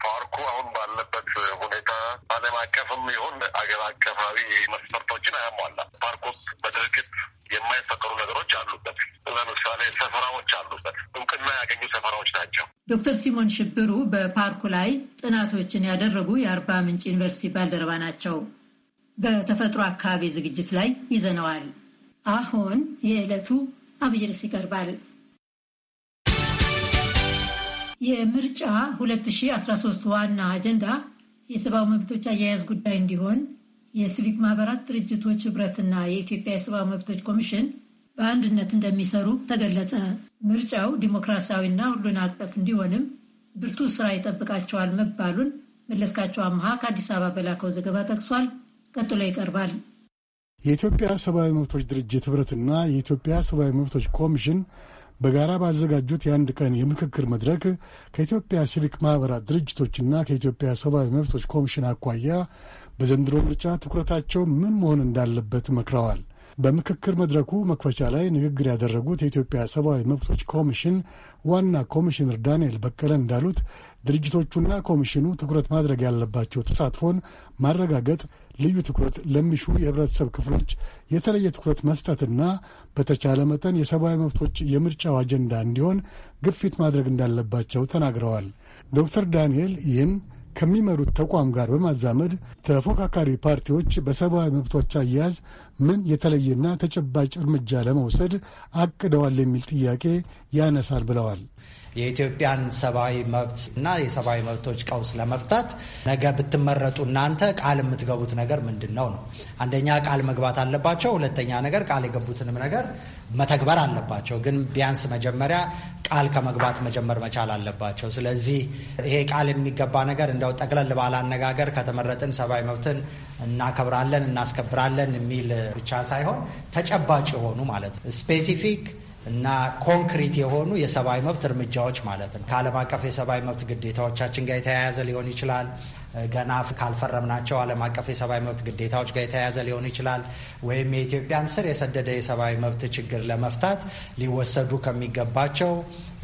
ፓርኩ አሁን ባለበት ሁኔታ ዓለም አቀፍም ይሁን አገር አቀፋዊ መስፈርቶችን አያሟላ ፓርኩ በድርጅት የማይፈቀሩ ነገሮች አሉበት። ለምሳሌ ሰፈራዎች አሉበት፣ እውቅና ያገኙ ሰፈራዎች ናቸው። ዶክተር ሲሞን ሽብሩ በፓርኩ ላይ ጥናቶችን ያደረጉ የአርባ ምንጭ ዩኒቨርሲቲ ባልደረባ ናቸው። በተፈጥሮ አካባቢ ዝግጅት ላይ ይዘነዋል። አሁን የዕለቱ አብይ ርዕስ ይቀርባል። የምርጫ 2013 ዋና አጀንዳ የሰብአዊ መብቶች አያያዝ ጉዳይ እንዲሆን የሲቪክ ማህበራት ድርጅቶች ህብረትና የኢትዮጵያ የሰብአዊ መብቶች ኮሚሽን በአንድነት እንደሚሰሩ ተገለጸ። ምርጫው ዲሞክራሲያዊና ሁሉን አቀፍ እንዲሆንም ብርቱ ስራ ይጠብቃቸዋል መባሉን መለስካቸው አምሃ ከአዲስ አበባ በላከው ዘገባ ጠቅሷል። ቀጥሎ ይቀርባል። የኢትዮጵያ ሰብአዊ መብቶች ድርጅት ህብረትና የኢትዮጵያ ሰብአዊ መብቶች ኮሚሽን በጋራ ባዘጋጁት የአንድ ቀን የምክክር መድረክ ከኢትዮጵያ ሲቪክ ማኅበራት ድርጅቶችና ከኢትዮጵያ ሰብአዊ መብቶች ኮሚሽን አኳያ በዘንድሮ ምርጫ ትኩረታቸው ምን መሆን እንዳለበት መክረዋል። በምክክር መድረኩ መክፈቻ ላይ ንግግር ያደረጉት የኢትዮጵያ ሰብአዊ መብቶች ኮሚሽን ዋና ኮሚሽነር ዳንኤል በቀለ እንዳሉት ድርጅቶቹና ኮሚሽኑ ትኩረት ማድረግ ያለባቸው ተሳትፎን ማረጋገጥ፣ ልዩ ትኩረት ለሚሹ የህብረተሰብ ክፍሎች የተለየ ትኩረት መስጠትና በተቻለ መጠን የሰብአዊ መብቶች የምርጫው አጀንዳ እንዲሆን ግፊት ማድረግ እንዳለባቸው ተናግረዋል። ዶክተር ዳንኤል ይህን ከሚመሩት ተቋም ጋር በማዛመድ ተፎካካሪ ፓርቲዎች በሰብአዊ መብቶች አያያዝ ምን የተለየና ተጨባጭ እርምጃ ለመውሰድ አቅደዋል የሚል ጥያቄ ያነሳል ብለዋል። የኢትዮጵያን ሰብአዊ መብት እና የሰብአዊ መብቶች ቀውስ ለመፍታት ነገ ብትመረጡ እናንተ ቃል የምትገቡት ነገር ምንድን ነው ነው? አንደኛ ቃል መግባት አለባቸው። ሁለተኛ ነገር ቃል የገቡትንም ነገር መተግበር አለባቸው። ግን ቢያንስ መጀመሪያ ቃል ከመግባት መጀመር መቻል አለባቸው። ስለዚህ ይሄ ቃል የሚገባ ነገር እንደው ጠቅለል ባለ አነጋገር ከተመረጥን ሰብአዊ መብትን እናከብራለን፣ እናስከብራለን የሚል ብቻ ሳይሆን ተጨባጭ የሆኑ ማለት ነው ስፔሲፊክ እና ኮንክሪት የሆኑ የሰብአዊ መብት እርምጃዎች ማለት ነው። ከዓለም አቀፍ የሰብአዊ መብት ግዴታዎቻችን ጋር የተያያዘ ሊሆን ይችላል። ገና ካልፈረምናቸው ዓለም አቀፍ የሰብአዊ መብት ግዴታዎች ጋር የተያያዘ ሊሆን ይችላል። ወይም የኢትዮጵያን ስር የሰደደ የሰብአዊ መብት ችግር ለመፍታት ሊወሰዱ ከሚገባቸው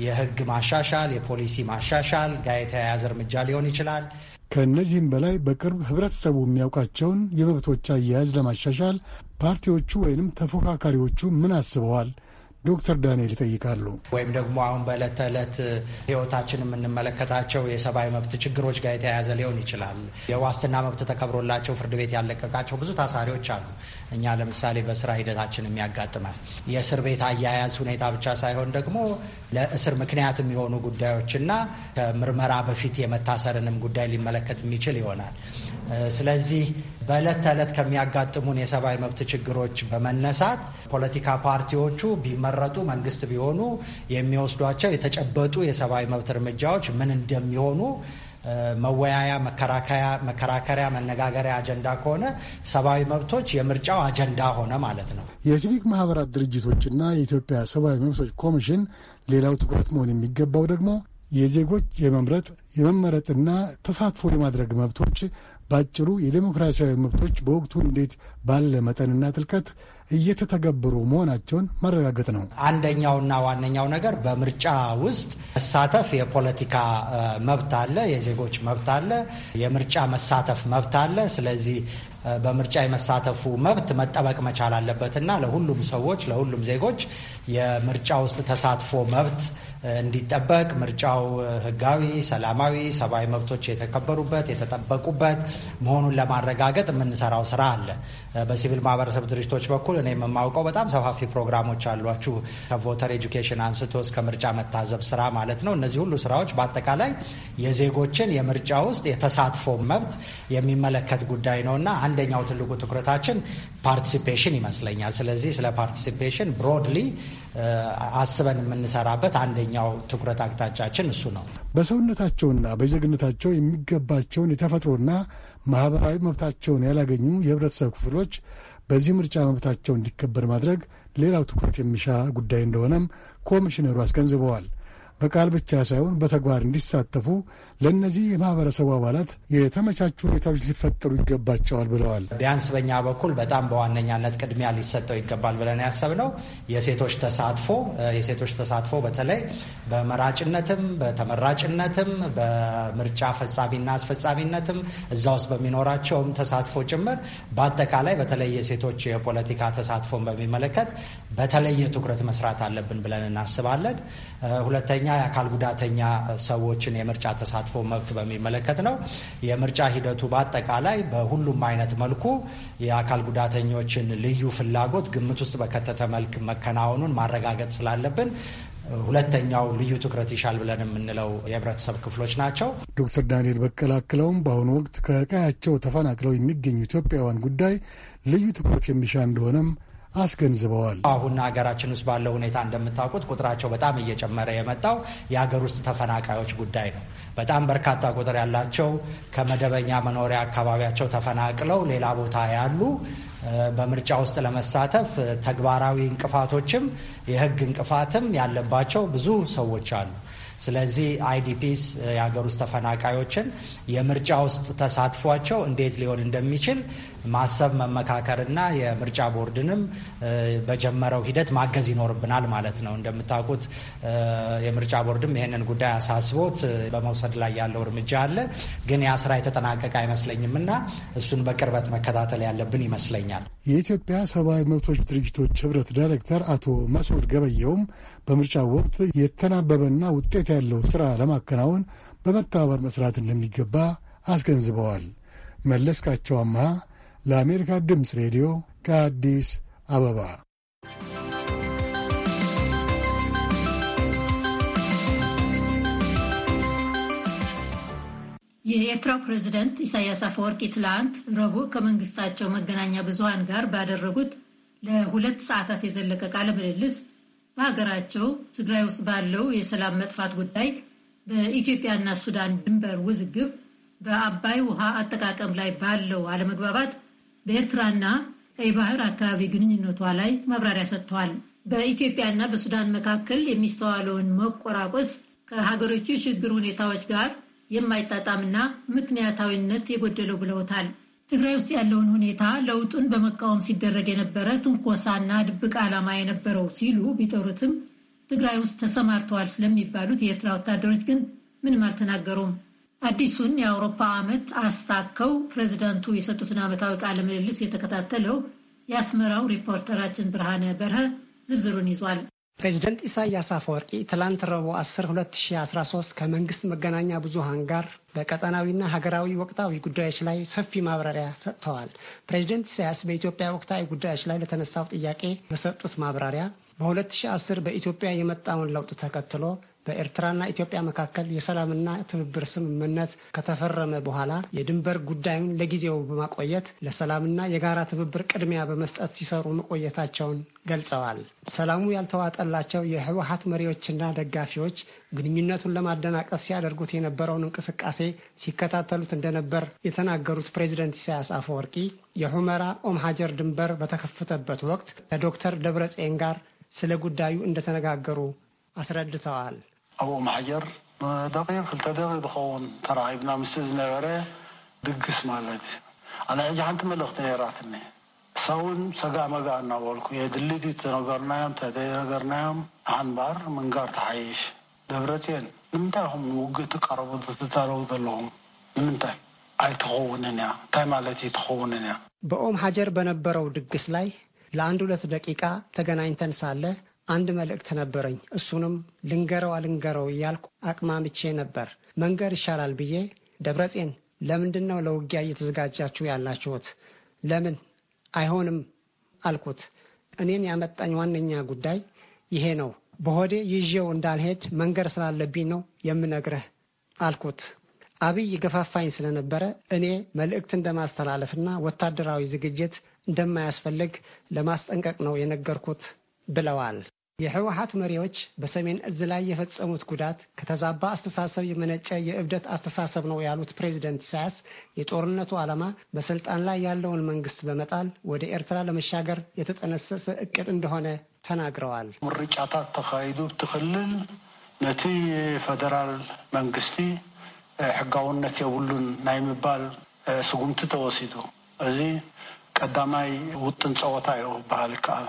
የህግ ማሻሻል፣ የፖሊሲ ማሻሻል ጋር የተያያዘ እርምጃ ሊሆን ይችላል። ከእነዚህም በላይ በቅርብ ህብረተሰቡ የሚያውቃቸውን የመብቶች አያያዝ ለማሻሻል ፓርቲዎቹ ወይንም ተፎካካሪዎቹ ምን አስበዋል? ዶክተር ዳንኤል ይጠይቃሉ። ወይም ደግሞ አሁን በዕለት ተዕለት ህይወታችን የምንመለከታቸው የሰብአዊ መብት ችግሮች ጋር የተያያዘ ሊሆን ይችላል። የዋስትና መብት ተከብሮላቸው ፍርድ ቤት ያለቀቃቸው ብዙ ታሳሪዎች አሉ። እኛ ለምሳሌ በስራ ሂደታችን የሚያጋጥማል። የእስር ቤት አያያዝ ሁኔታ ብቻ ሳይሆን ደግሞ ለእስር ምክንያት የሚሆኑ ጉዳዮችና ከምርመራ በፊት የመታሰርንም ጉዳይ ሊመለከት የሚችል ይሆናል። ስለዚህ በዕለት ተዕለት ከሚያጋጥሙን የሰብአዊ መብት ችግሮች በመነሳት ፖለቲካ ፓርቲዎቹ ቢመረጡ መንግስት ቢሆኑ የሚወስዷቸው የተጨበጡ የሰብአዊ መብት እርምጃዎች ምን እንደሚሆኑ መወያያ፣ መከራከሪያ፣ መነጋገሪያ አጀንዳ ከሆነ ሰብአዊ መብቶች የምርጫው አጀንዳ ሆነ ማለት ነው። የሲቪክ ማህበራት ድርጅቶችና የኢትዮጵያ ሰብአዊ መብቶች ኮሚሽን ሌላው ትኩረት መሆን የሚገባው ደግሞ የዜጎች የመምረጥ የመመረጥና ተሳትፎ የማድረግ መብቶች በአጭሩ የዴሞክራሲያዊ መብቶች በወቅቱ እንዴት ባለ መጠንና ጥልቀት እየተተገበሩ መሆናቸውን ማረጋገጥ ነው። አንደኛውና ዋነኛው ነገር በምርጫ ውስጥ መሳተፍ የፖለቲካ መብት አለ፣ የዜጎች መብት አለ፣ የምርጫ መሳተፍ መብት አለ። ስለዚህ በምርጫ የመሳተፉ መብት መጠበቅ መቻል አለበትና ለሁሉም ሰዎች ለሁሉም ዜጎች የምርጫ ውስጥ ተሳትፎ መብት እንዲጠበቅ ምርጫው ህጋዊ፣ ሰላማዊ፣ ሰብአዊ መብቶች የተከበሩበት የተጠበቁበት መሆኑን ለማረጋገጥ የምንሰራው ስራ አለ። በሲቪል ማህበረሰብ ድርጅቶች በኩል እኔ የምማውቀው በጣም ሰፋፊ ፕሮግራሞች አሏችሁ ከቮተር ኤጁኬሽን አንስቶ እስከ ምርጫ መታዘብ ስራ ማለት ነው። እነዚህ ሁሉ ስራዎች በአጠቃላይ የዜጎችን የምርጫ ውስጥ የተሳትፎ መብት የሚመለከት ጉዳይ ነው እና አንደኛው ትልቁ ትኩረታችን ፓርቲሲፔሽን ይመስለኛል። ስለዚህ ስለ ፓርቲሲፔሽን ብሮድሊ አስበን የምንሰራበት አንደ ዋነኛው ትኩረት አቅጣጫችን እሱ ነው። በሰውነታቸውና በዜግነታቸው የሚገባቸውን የተፈጥሮና ማህበራዊ መብታቸውን ያላገኙ የህብረተሰብ ክፍሎች በዚህ ምርጫ መብታቸው እንዲከበር ማድረግ ሌላው ትኩረት የሚሻ ጉዳይ እንደሆነም ኮሚሽነሩ አስገንዝበዋል። በቃል ብቻ ሳይሆን በተግባር እንዲሳተፉ ለእነዚህ የማህበረሰቡ አባላት የተመቻቹ ሁኔታዎች ሊፈጠሩ ይገባቸዋል ብለዋል። ቢያንስ በኛ በኩል በጣም በዋነኛነት ቅድሚያ ሊሰጠው ይገባል ብለን ያሰብነው የሴቶች ተሳትፎ የሴቶች ተሳትፎ በተለይ በመራጭነትም በተመራጭነትም በምርጫ ፈጻሚና አስፈጻሚነትም እዛ ውስጥ በሚኖራቸውም ተሳትፎ ጭምር በአጠቃላይ በተለይ የሴቶች የፖለቲካ ተሳትፎን በሚመለከት በተለየ ትኩረት መስራት አለብን ብለን እናስባለን። ሁለተኛ የአካል ጉዳተኛ ሰዎችን የምርጫ ተሳትፎ መብት በሚመለከት ነው። የምርጫ ሂደቱ በአጠቃላይ በሁሉም አይነት መልኩ የአካል ጉዳተኞችን ልዩ ፍላጎት ግምት ውስጥ በከተተ መልክ መከናወኑን ማረጋገጥ ስላለብን ሁለተኛው ልዩ ትኩረት ይሻል ብለን የምንለው የህብረተሰብ ክፍሎች ናቸው። ዶክተር ዳንኤል በቀለ አክለውም በአሁኑ ወቅት ከቀያቸው ተፈናቅለው የሚገኙ ኢትዮጵያውያን ጉዳይ ልዩ ትኩረት የሚሻ እንደሆነም አስገንዝበዋል። አሁን ሀገራችን ውስጥ ባለው ሁኔታ እንደምታውቁት ቁጥራቸው በጣም እየጨመረ የመጣው የሀገር ውስጥ ተፈናቃዮች ጉዳይ ነው። በጣም በርካታ ቁጥር ያላቸው ከመደበኛ መኖሪያ አካባቢያቸው ተፈናቅለው ሌላ ቦታ ያሉ በምርጫ ውስጥ ለመሳተፍ ተግባራዊ እንቅፋቶችም የሕግ እንቅፋትም ያለባቸው ብዙ ሰዎች አሉ። ስለዚህ አይዲፒስ የሀገር ውስጥ ተፈናቃዮችን የምርጫ ውስጥ ተሳትፏቸው እንዴት ሊሆን እንደሚችል ማሰብ መመካከርና የምርጫ ቦርድንም በጀመረው ሂደት ማገዝ ይኖርብናል ማለት ነው። እንደምታውቁት የምርጫ ቦርድም ይህንን ጉዳይ አሳስቦት በመውሰድ ላይ ያለው እርምጃ አለ። ግን ያ ስራ የተጠናቀቀ አይመስለኝም እሱን በቅርበት መከታተል ያለብን ይመስለኛል። የኢትዮጵያ ሰብአዊ መብቶች ድርጅቶች ህብረት ዳይሬክተር አቶ መስዑድ ገበየውም በምርጫው ወቅት የተናበበና ውጤት ያለው ስራ ለማከናወን በመተባበር መስራት እንደሚገባ አስገንዝበዋል። መለስካቸው አምሃ ለአሜሪካ ድምፅ ሬዲዮ ከአዲስ አበባ። የኤርትራው ፕሬዚደንት ኢሳያስ አፈወርቂ ትላንት ረቡዕ ከመንግስታቸው መገናኛ ብዙሃን ጋር ባደረጉት ለሁለት ሰዓታት የዘለቀ ቃለ ምልልስ በሀገራቸው ትግራይ ውስጥ ባለው የሰላም መጥፋት ጉዳይ፣ በኢትዮጵያና ሱዳን ድንበር ውዝግብ፣ በአባይ ውሃ አጠቃቀም ላይ ባለው አለመግባባት፣ በኤርትራና ቀይ ባህር አካባቢ ግንኙነቷ ላይ ማብራሪያ ሰጥተዋል። በኢትዮጵያና በሱዳን መካከል የሚስተዋለውን መቆራቆስ ከሀገሮቹ የችግር ሁኔታዎች ጋር የማይጣጣምና ምክንያታዊነት የጎደለው ብለውታል። ትግራይ ውስጥ ያለውን ሁኔታ ለውጡን በመቃወም ሲደረግ የነበረ ትንኮሳና ድብቅ ዓላማ የነበረው ሲሉ ቢጠሩትም ትግራይ ውስጥ ተሰማርተዋል ስለሚባሉት የኤርትራ ወታደሮች ግን ምንም አልተናገሩም። አዲሱን የአውሮፓ ዓመት አስታከው ፕሬዚዳንቱ የሰጡትን ዓመታዊ ቃለ ምልልስ የተከታተለው የአስመራው ሪፖርተራችን ብርሃነ በርሀ ዝርዝሩን ይዟል። ፕሬዚደንት ኢሳያስ አፈወርቂ ትላንት ረቡዕ 10 2013 ከመንግስት መገናኛ ብዙሃን ጋር በቀጠናዊና ሀገራዊ ወቅታዊ ጉዳዮች ላይ ሰፊ ማብራሪያ ሰጥተዋል። ፕሬዚደንት ኢሳያስ በኢትዮጵያ ወቅታዊ ጉዳዮች ላይ ለተነሳው ጥያቄ በሰጡት ማብራሪያ በ2010 በኢትዮጵያ የመጣውን ለውጥ ተከትሎ በኤርትራና ኢትዮጵያ መካከል የሰላምና ትብብር ስምምነት ከተፈረመ በኋላ የድንበር ጉዳዩን ለጊዜው በማቆየት ለሰላምና የጋራ ትብብር ቅድሚያ በመስጠት ሲሰሩ መቆየታቸውን ገልጸዋል። ሰላሙ ያልተዋጠላቸው የህወሀት መሪዎችና ደጋፊዎች ግንኙነቱን ለማደናቀስ ሲያደርጉት የነበረውን እንቅስቃሴ ሲከታተሉት እንደነበር የተናገሩት ፕሬዚደንት ኢሳያስ አፈወርቂ የሁመራ ኦም ሀጀር ድንበር በተከፈተበት ወቅት ከዶክተር ደብረጽዮን ጋር ስለ ጉዳዩ እንደተነጋገሩ አስረድተዋል። ኣብኡ ማሕጀር ደቂቕ ክልተ ደቂ ዝኸውን ተራሂብና ምስ ዝነበረ ድግስ ማለት እዩ ኣነ ሕጂ ሓንቲ መልእኽቲ ነይራትኒ ሳውን ሰጋእ መጋእ እናበልኩ የድሊ ድዩ ተነገርናዮም ተተነገርናዮም ኣንባር ምንጋር ተሓይሽ ደብረፅን ንምንታይ ኹም ንውግእ ትቀረቡ ዝትዛረቡ ዘለኹም ንምንታይ ኣይትኸውንን እያ እንታይ ማለት እዩ ትኸውንን እያ ብኦም ሓጀር በነበረው ድግስ ላይ ለአንድ ሁለት ደቂቃ ተገናኝተን ሳለ አንድ መልእክት ነበረኝ። እሱንም ልንገረው አልንገረው እያልኩ አቅማምቼ ነበር። መንገር ይሻላል ብዬ ደብረጼን ለምንድን ነው ለውጊያ እየተዘጋጃችሁ ያላችሁት? ለምን አይሆንም አልኩት። እኔን ያመጣኝ ዋነኛ ጉዳይ ይሄ ነው። በሆዴ ይዤው እንዳልሄድ መንገር ስላለብኝ ነው የምነግረህ አልኩት። አብይ ገፋፋኝ ስለነበረ እኔ መልእክት እንደማስተላለፍና ወታደራዊ ዝግጅት እንደማያስፈልግ ለማስጠንቀቅ ነው የነገርኩት ብለዋል። የህወሀት መሪዎች በሰሜን እዝ ላይ የፈጸሙት ጉዳት ከተዛባ አስተሳሰብ የመነጨ የእብደት አስተሳሰብ ነው ያሉት ፕሬዚደንት ኢሳያስ የጦርነቱ ዓላማ በስልጣን ላይ ያለውን መንግስት በመጣል ወደ ኤርትራ ለመሻገር የተጠነሰሰ እቅድ እንደሆነ ተናግረዋል። ምርጫታት ተካሂዱ ትክልል ነቲ ፌደራል መንግስቲ ሕጋውነት የብሉን ናይ ምባል ስጉምቲ ተወሲዱ እዚ ቀዳማይ ውጥን ፀወታ እዩ ባህል ይከኣል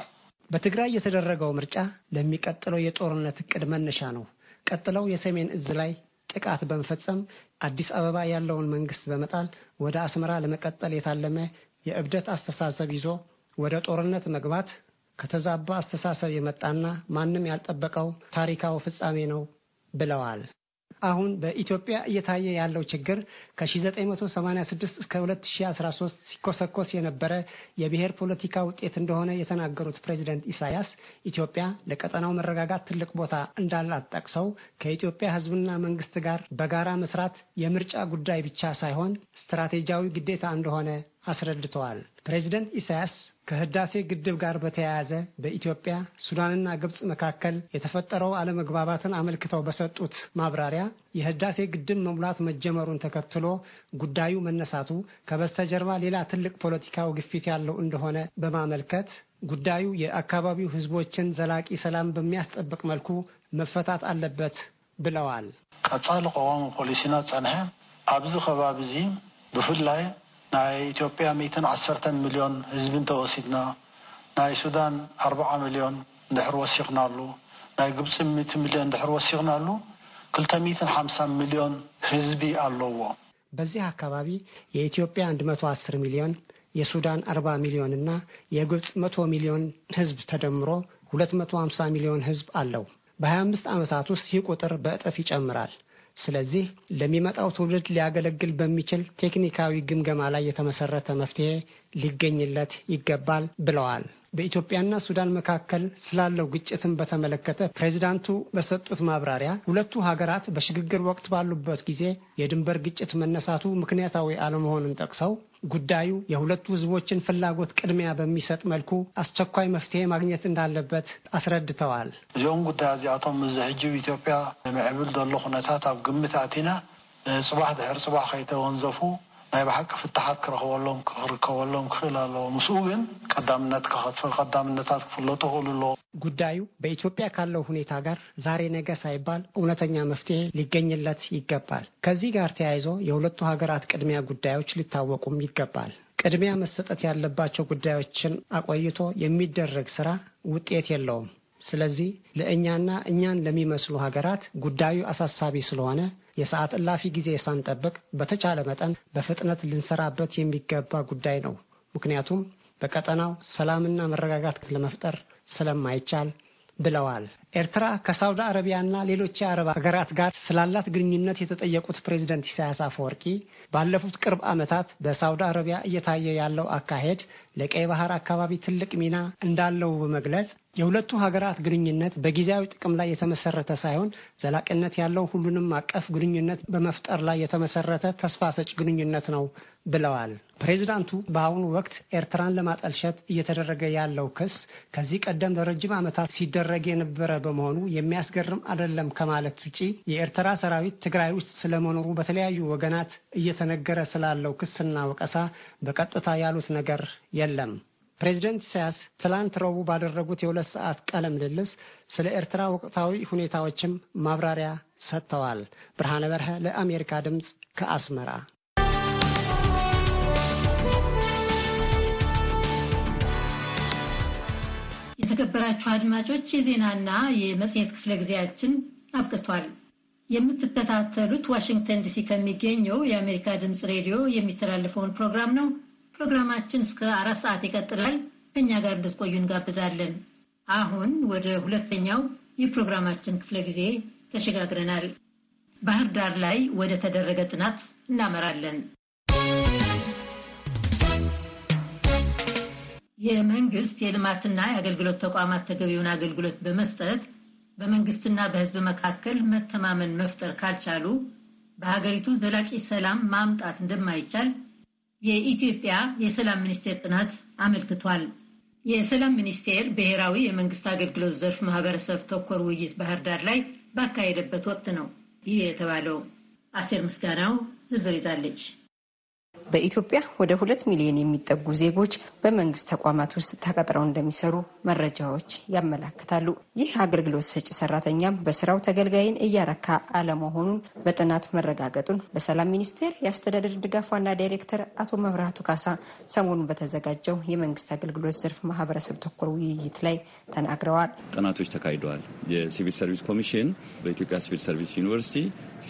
በትግራይ የተደረገው ምርጫ ለሚቀጥለው የጦርነት እቅድ መነሻ ነው። ቀጥለው የሰሜን እዝ ላይ ጥቃት በመፈጸም አዲስ አበባ ያለውን መንግስት በመጣል ወደ አስመራ ለመቀጠል የታለመ የእብደት አስተሳሰብ ይዞ ወደ ጦርነት መግባት ከተዛባ አስተሳሰብ የመጣና ማንም ያልጠበቀው ታሪካዊ ፍጻሜ ነው ብለዋል። አሁን በኢትዮጵያ እየታየ ያለው ችግር ከ1986 እስከ 2013 ሲኮሰኮስ የነበረ የብሔር ፖለቲካ ውጤት እንደሆነ የተናገሩት ፕሬዚደንት ኢሳያስ ኢትዮጵያ ለቀጠናው መረጋጋት ትልቅ ቦታ እንዳላት ጠቅሰው ከኢትዮጵያ ሕዝብና መንግስት ጋር በጋራ መስራት የምርጫ ጉዳይ ብቻ ሳይሆን ስትራቴጂያዊ ግዴታ እንደሆነ አስረድተዋል። ፕሬዚደንት ኢሳያስ ከህዳሴ ግድብ ጋር በተያያዘ በኢትዮጵያ ሱዳንና ግብፅ መካከል የተፈጠረው አለመግባባትን አመልክተው በሰጡት ማብራሪያ የህዳሴ ግድብ መሙላት መጀመሩን ተከትሎ ጉዳዩ መነሳቱ ከበስተጀርባ ሌላ ትልቅ ፖለቲካዊ ግፊት ያለው እንደሆነ በማመልከት ጉዳዩ የአካባቢው ህዝቦችን ዘላቂ ሰላም በሚያስጠብቅ መልኩ መፈታት አለበት ብለዋል። ቀጻል ቀዋሚ ፖሊሲና ጸንሐ ኣብዚ ከባቢ እዚ ብፍላይ ናይ ኢትዮጵያ ሚትን ዓሰርተን ሚልዮን ህዝቢ እንተወሲድና ናይ ሱዳን ኣርባዓ ሚልዮን ድሕር ወሲኽናሉ ናይ ግብፂ ምት ሚልዮን ድሕር ወሲኽናሉ ክልተ ሚትን ሓምሳ ሚልዮን ህዝቢ ኣለዎ በዚህ አካባቢ የኢትዮጵያ 110 ሚሊዮን የሱዳን 40 ሚሊዮን እና የግብፅ መቶ ሚሊዮን ህዝብ ተደምሮ 250 ሚሊዮን ህዝብ አለው። አምስት ዓመታት ውስጥ ይህ ቁጥር በእጥፍ ይጨምራል። ስለዚህ ለሚመጣው ትውልድ ሊያገለግል በሚችል ቴክኒካዊ ግምገማ ላይ የተመሰረተ መፍትሄ ሊገኝለት ይገባል ብለዋል። በኢትዮጵያና ሱዳን መካከል ስላለው ግጭትን በተመለከተ ፕሬዚዳንቱ በሰጡት ማብራሪያ ሁለቱ ሀገራት በሽግግር ወቅት ባሉበት ጊዜ የድንበር ግጭት መነሳቱ ምክንያታዊ አለመሆኑን ጠቅሰው ጉዳዩ የሁለቱ ሕዝቦችን ፍላጎት ቅድሚያ በሚሰጥ መልኩ አስቸኳይ መፍትሄ ማግኘት እንዳለበት አስረድተዋል። እዚኦም ጉዳይ እዚኣቶም እዚ ሕጅብ ኢትዮጵያ ምዕብል ዘሎ ኩነታት ኣብ ግምት ኣቲና ፅባሕ ድሕር ፅባሕ ከይተወንዘፉ ናይ ብሓቂ ፍትሓት ክረክበሎም ክርከበሎም ክኽእል ኣለዎ ምስኡ ግን ቀዳምነት ክኸፍል ቀዳምነታት ክፍለጡ ክእሉ ኣለዎ ጉዳዩ በኢትዮጵያ ካለው ሁኔታ ጋር ዛሬ ነገ ሳይባል እውነተኛ መፍትሄ ሊገኝለት ይገባል። ከዚህ ጋር ተያይዞ የሁለቱ ሀገራት ቅድሚያ ጉዳዮች ሊታወቁም ይገባል። ቅድሚያ መሰጠት ያለባቸው ጉዳዮችን አቆይቶ የሚደረግ ስራ ውጤት የለውም። ስለዚህ ለእኛና እኛን ለሚመስሉ ሀገራት ጉዳዩ አሳሳቢ ስለሆነ የሰዓት እላፊ ጊዜ ሳንጠብቅ በተቻለ መጠን በፍጥነት ልንሰራበት የሚገባ ጉዳይ ነው። ምክንያቱም በቀጠናው ሰላምና መረጋጋት ለመፍጠር ስለማይቻል ብለዋል። ኤርትራ ከሳውዲ አረቢያና ሌሎች የአረብ ሀገራት ጋር ስላላት ግንኙነት የተጠየቁት ፕሬዚደንት ኢሳያስ አፈወርቂ ባለፉት ቅርብ ዓመታት በሳውዲ አረቢያ እየታየ ያለው አካሄድ ለቀይ ባህር አካባቢ ትልቅ ሚና እንዳለው በመግለጽ የሁለቱ ሀገራት ግንኙነት በጊዜያዊ ጥቅም ላይ የተመሰረተ ሳይሆን ዘላቂነት ያለው ሁሉንም አቀፍ ግንኙነት በመፍጠር ላይ የተመሰረተ ተስፋ ሰጭ ግንኙነት ነው ብለዋል። ፕሬዚዳንቱ በአሁኑ ወቅት ኤርትራን ለማጠልሸት እየተደረገ ያለው ክስ ከዚህ ቀደም ለረጅም ዓመታት ሲደረግ የነበረ በመሆኑ የሚያስገርም አይደለም ከማለት ውጪ የኤርትራ ሰራዊት ትግራይ ውስጥ ስለመኖሩ በተለያዩ ወገናት እየተነገረ ስላለው ክስና ወቀሳ በቀጥታ ያሉት ነገር የለም። ፕሬዚደንት ኢሳያስ ትላንት ረቡዕ ባደረጉት የሁለት ሰዓት ቃለ ምልልስ ስለ ኤርትራ ወቅታዊ ሁኔታዎችም ማብራሪያ ሰጥተዋል። ብርሃነ በርሀ ለአሜሪካ ድምፅ ከአስመራ የተከበራችሁ አድማጮች የዜናና የመጽሔት ክፍለ ጊዜያችን አብቅቷል። የምትከታተሉት ዋሽንግተን ዲሲ ከሚገኘው የአሜሪካ ድምፅ ሬዲዮ የሚተላለፈውን ፕሮግራም ነው። ፕሮግራማችን እስከ አራት ሰዓት ይቀጥላል። ከእኛ ጋር እንድትቆዩ እንጋብዛለን። አሁን ወደ ሁለተኛው የፕሮግራማችን ክፍለ ጊዜ ተሸጋግረናል። ባህር ዳር ላይ ወደ ተደረገ ጥናት እናመራለን። የመንግስት የልማትና የአገልግሎት ተቋማት ተገቢውን አገልግሎት በመስጠት በመንግስትና በህዝብ መካከል መተማመን መፍጠር ካልቻሉ በሀገሪቱ ዘላቂ ሰላም ማምጣት እንደማይቻል የኢትዮጵያ የሰላም ሚኒስቴር ጥናት አመልክቷል። የሰላም ሚኒስቴር ብሔራዊ የመንግስት አገልግሎት ዘርፍ ማህበረሰብ ተኮር ውይይት ባህር ዳር ላይ ባካሄደበት ወቅት ነው ይህ የተባለው። አስቴር ምስጋናው ዝርዝር ይዛለች። በኢትዮጵያ ወደ ሁለት ሚሊዮን የሚጠጉ ዜጎች በመንግስት ተቋማት ውስጥ ተቀጥረው እንደሚሰሩ መረጃዎች ያመላክታሉ። ይህ አገልግሎት ሰጪ ሰራተኛም በስራው ተገልጋይን እያረካ አለመሆኑን በጥናት መረጋገጡን በሰላም ሚኒስቴር የአስተዳደር ድጋፍ ዋና ዳይሬክተር አቶ መብራቱ ካሳ ሰሞኑን በተዘጋጀው የመንግስት አገልግሎት ዘርፍ ማህበረሰብ ተኮር ውይይት ላይ ተናግረዋል። ጥናቶች ተካሂደዋል። የሲቪል ሰርቪስ ኮሚሽን በኢትዮጵያ ሲቪል ሰርቪስ ዩኒቨርሲቲ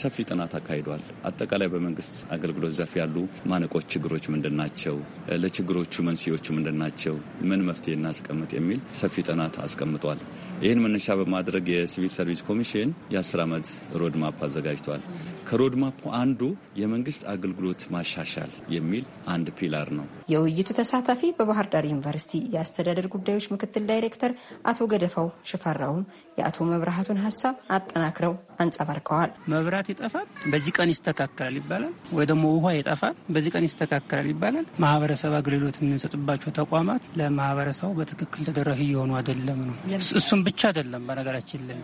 ሰፊ ጥናት አካሂደዋል። አጠቃላይ በመንግስት አገልግሎት ዘርፍ ያሉ ማነ ትልልቆች ችግሮች ምንድን ናቸው? ለችግሮቹ መንስኤዎቹ ምንድን ናቸው? ምን መፍትሄ እናስቀምጥ የሚል ሰፊ ጥናት አስቀምጧል። ይህን መነሻ በማድረግ የሲቪል ሰርቪስ ኮሚሽን የአስር ዓመት ሮድማፕ አዘጋጅቷል። ከሮድማፑ አንዱ የመንግስት አገልግሎት ማሻሻል የሚል አንድ ፒላር ነው። የውይይቱ ተሳታፊ በባህር ዳር ዩኒቨርሲቲ የአስተዳደር ጉዳዮች ምክትል ዳይሬክተር አቶ ገደፋው ሽፈራውም የአቶ መብራቱን ሀሳብ አጠናክረው አንጸባርቀዋል። መብራት ይጠፋል፣ በዚህ ቀን ይስተካከላል ይባላል፣ ወይ ደግሞ ውሃ ይጠፋል፣ በዚህ ቀን ይስተካከላል ይባላል። ማህበረሰብ አገልግሎት የምንሰጥባቸው ተቋማት ለማህበረሰቡ በትክክል ተደራሽ እየሆኑ አይደለም ነው። እሱም ብቻ አይደለም በነገራችን ላይ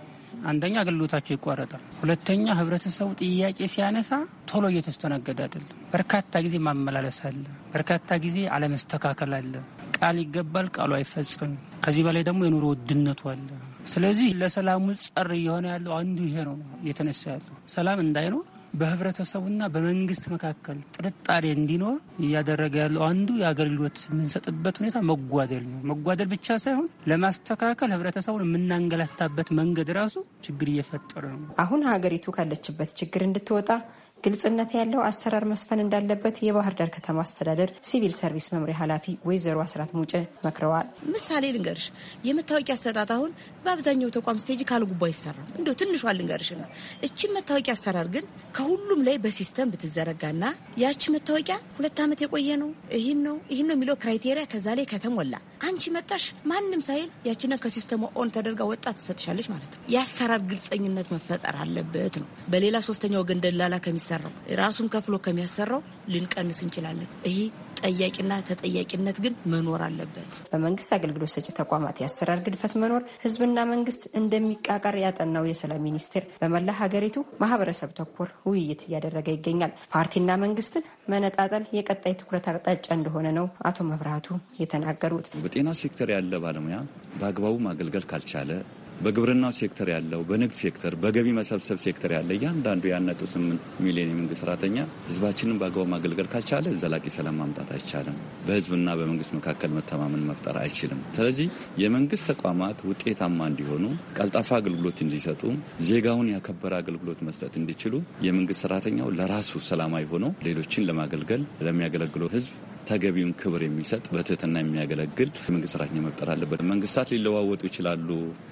አንደኛ አገልግሎታቸው ይቋረጣል። ሁለተኛ ህብረተሰቡ ጥያቄ ሲያነሳ ቶሎ እየተስተናገደ አይደለም። በርካታ ጊዜ ማመላለስ አለ። በርካታ ጊዜ አለመስተካከል አለ። ቃል ይገባል፣ ቃሉ አይፈጽም። ከዚህ በላይ ደግሞ የኑሮ ውድነቱ አለ። ስለዚህ ለሰላሙ ጸር እየሆነ ያለው አንዱ ይሄ ነው፣ እየተነሳ ያለው ሰላም እንዳይኖር በህብረተሰቡና በመንግስት መካከል ጥርጣሬ እንዲኖር እያደረገ ያለው አንዱ የአገልግሎት የምንሰጥበት ሁኔታ መጓደል ነው። መጓደል ብቻ ሳይሆን ለማስተካከል ህብረተሰቡን የምናንገላታበት መንገድ ራሱ ችግር እየፈጠረ ነው። አሁን ሀገሪቱ ካለችበት ችግር እንድትወጣ ግልጽነት ያለው አሰራር መስፈን እንዳለበት የባህር ዳር ከተማ አስተዳደር ሲቪል ሰርቪስ መምሪያ ኃላፊ ወይዘሮ አስራት ሙጭ መክረዋል። ምሳሌ ልንገርሽ፣ የመታወቂያ አሰጣጥ አሁን በአብዛኛው ተቋም ስቴጅ ካለ ጉቦ አይሰራም። እንደ ትንሿ ልንገርሽ ነው። እቺ መታወቂያ አሰራር ግን ከሁሉም ላይ በሲስተም ብትዘረጋና ያቺ መታወቂያ ሁለት ዓመት የቆየ ነው ይህን ነው ይህን ነው የሚለው ክራይቴሪያ ከዛ ላይ ከተሞላ አንቺ መጣሽ ማንም ሳይል ያችንን ከሲስተሙ ኦን ተደርጋ ወጣ ትሰጥሻለች ማለት ነው። የአሰራር ግልጸኝነት መፈጠር አለበት ነው። በሌላ ሶስተኛ ወገን ደላላ ከሚ የሚሰራው ራሱን ከፍሎ ከሚያሰራው ልንቀንስ እንችላለን። ይሄ ጠያቂና ተጠያቂነት ግን መኖር አለበት። በመንግስት አገልግሎት ሰጪ ተቋማት የአሰራር ግድፈት መኖር ህዝብና መንግስት እንደሚቃቀር ያጠናው የሰላም ሚኒስቴር በመላ ሀገሪቱ ማህበረሰብ ተኮር ውይይት እያደረገ ይገኛል። ፓርቲና መንግስትን መነጣጠል የቀጣይ ትኩረት አቅጣጫ እንደሆነ ነው አቶ መብራቱ የተናገሩት። በጤና ሴክተር ያለ ባለሙያ በአግባቡ ማገልገል ካልቻለ በግብርናው ሴክተር ያለው፣ በንግድ ሴክተር፣ በገቢ መሰብሰብ ሴክተር ያለ እያንዳንዱ የ1.8 ሚሊዮን የመንግስት ሰራተኛ ህዝባችንን በአግባቡ ማገልገል ካልቻለ ዘላቂ ሰላም ማምጣት አይቻልም። በህዝብና በመንግስት መካከል መተማመን መፍጠር አይችልም። ስለዚህ የመንግስት ተቋማት ውጤታማ እንዲሆኑ፣ ቀልጣፋ አገልግሎት እንዲሰጡ፣ ዜጋውን ያከበረ አገልግሎት መስጠት እንዲችሉ የመንግስት ሰራተኛው ለራሱ ሰላማዊ ሆኖ ሌሎችን ለማገልገል ለሚያገለግለው ህዝብ ተገቢውን ክብር የሚሰጥ በትህትና የሚያገለግል የመንግስት ሰራተኛ መቅጠር አለበት። መንግስታት ሊለዋወጡ ይችላሉ።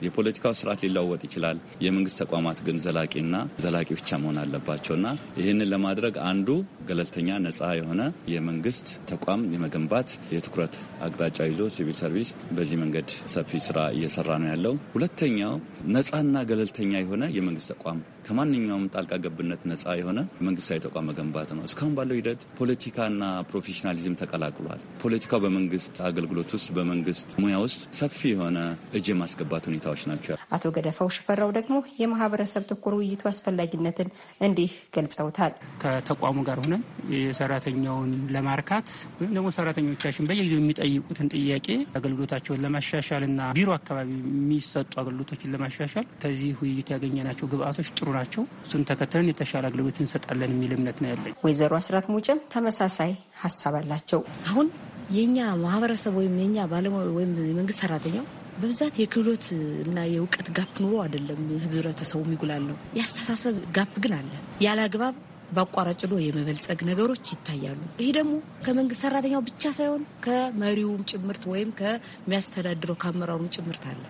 የፖለቲካው ስርዓት ሊለዋወጥ ይችላል። የመንግስት ተቋማት ግን ዘላቂና ዘላቂ ብቻ መሆን አለባቸውና ይህንን ለማድረግ አንዱ ገለልተኛ ነጻ የሆነ የመንግስት ተቋም የመገንባት የትኩረት አቅጣጫ ይዞ ሲቪል ሰርቪስ በዚህ መንገድ ሰፊ ስራ እየሰራ ነው ያለው። ሁለተኛው ነጻና ገለልተኛ የሆነ የመንግስት ተቋም ከማንኛውም ጣልቃ ገብነት ነጻ የሆነ መንግስታዊ ተቋም መገንባት ነው። እስካሁን ባለው ሂደት ፖለቲካና ፕሮፌሽናሊዝም ተቀላቅሏል። ፖለቲካው በመንግስት አገልግሎት ውስጥ በመንግስት ሙያ ውስጥ ሰፊ የሆነ እጅ የማስገባት ሁኔታዎች ናቸው። አቶ ገደፋው ሽፈራው ደግሞ የማህበረሰብ ትኩር ውይይቱ አስፈላጊነትን እንዲህ ገልጸውታል። ከተቋሙ ጋር ሆነን የሰራተኛውን ለማርካት ወይም ደግሞ ሰራተኞቻችን በየጊዜው የሚጠይቁትን ጥያቄ አገልግሎታቸውን ለማሻሻል እና ቢሮ አካባቢ የሚሰጡ አገልግሎቶችን ለማሻሻል ከዚህ ውይይት ያገኘናቸው ግብአቶች ጥሩ ናቸው። እሱን ተከትለን የተሻለ አገልግሎት እንሰጣለን የሚል እምነት ነው ያለኝ። ወይዘሮ አስራት ሙጭም ተመሳሳይ ሀሳብ አላቸው። አሁን የእኛ ማህበረሰብ ወይም የእኛ ባለሙያ ወይም የመንግስት ሰራተኛው በብዛት የክህሎት እና የእውቀት ጋፕ ኑሮ አይደለም ህብረተሰቡ የሚጉላለው። የአስተሳሰብ ጋፕ ግን አለ። ያለ አግባብ በአቋራጭ ዶ የመበልጸግ ነገሮች ይታያሉ። ይህ ደግሞ ከመንግስት ሰራተኛው ብቻ ሳይሆን ከመሪውም ጭምርት ወይም ከሚያስተዳድረው ከአመራሩም ጭምርት አለ።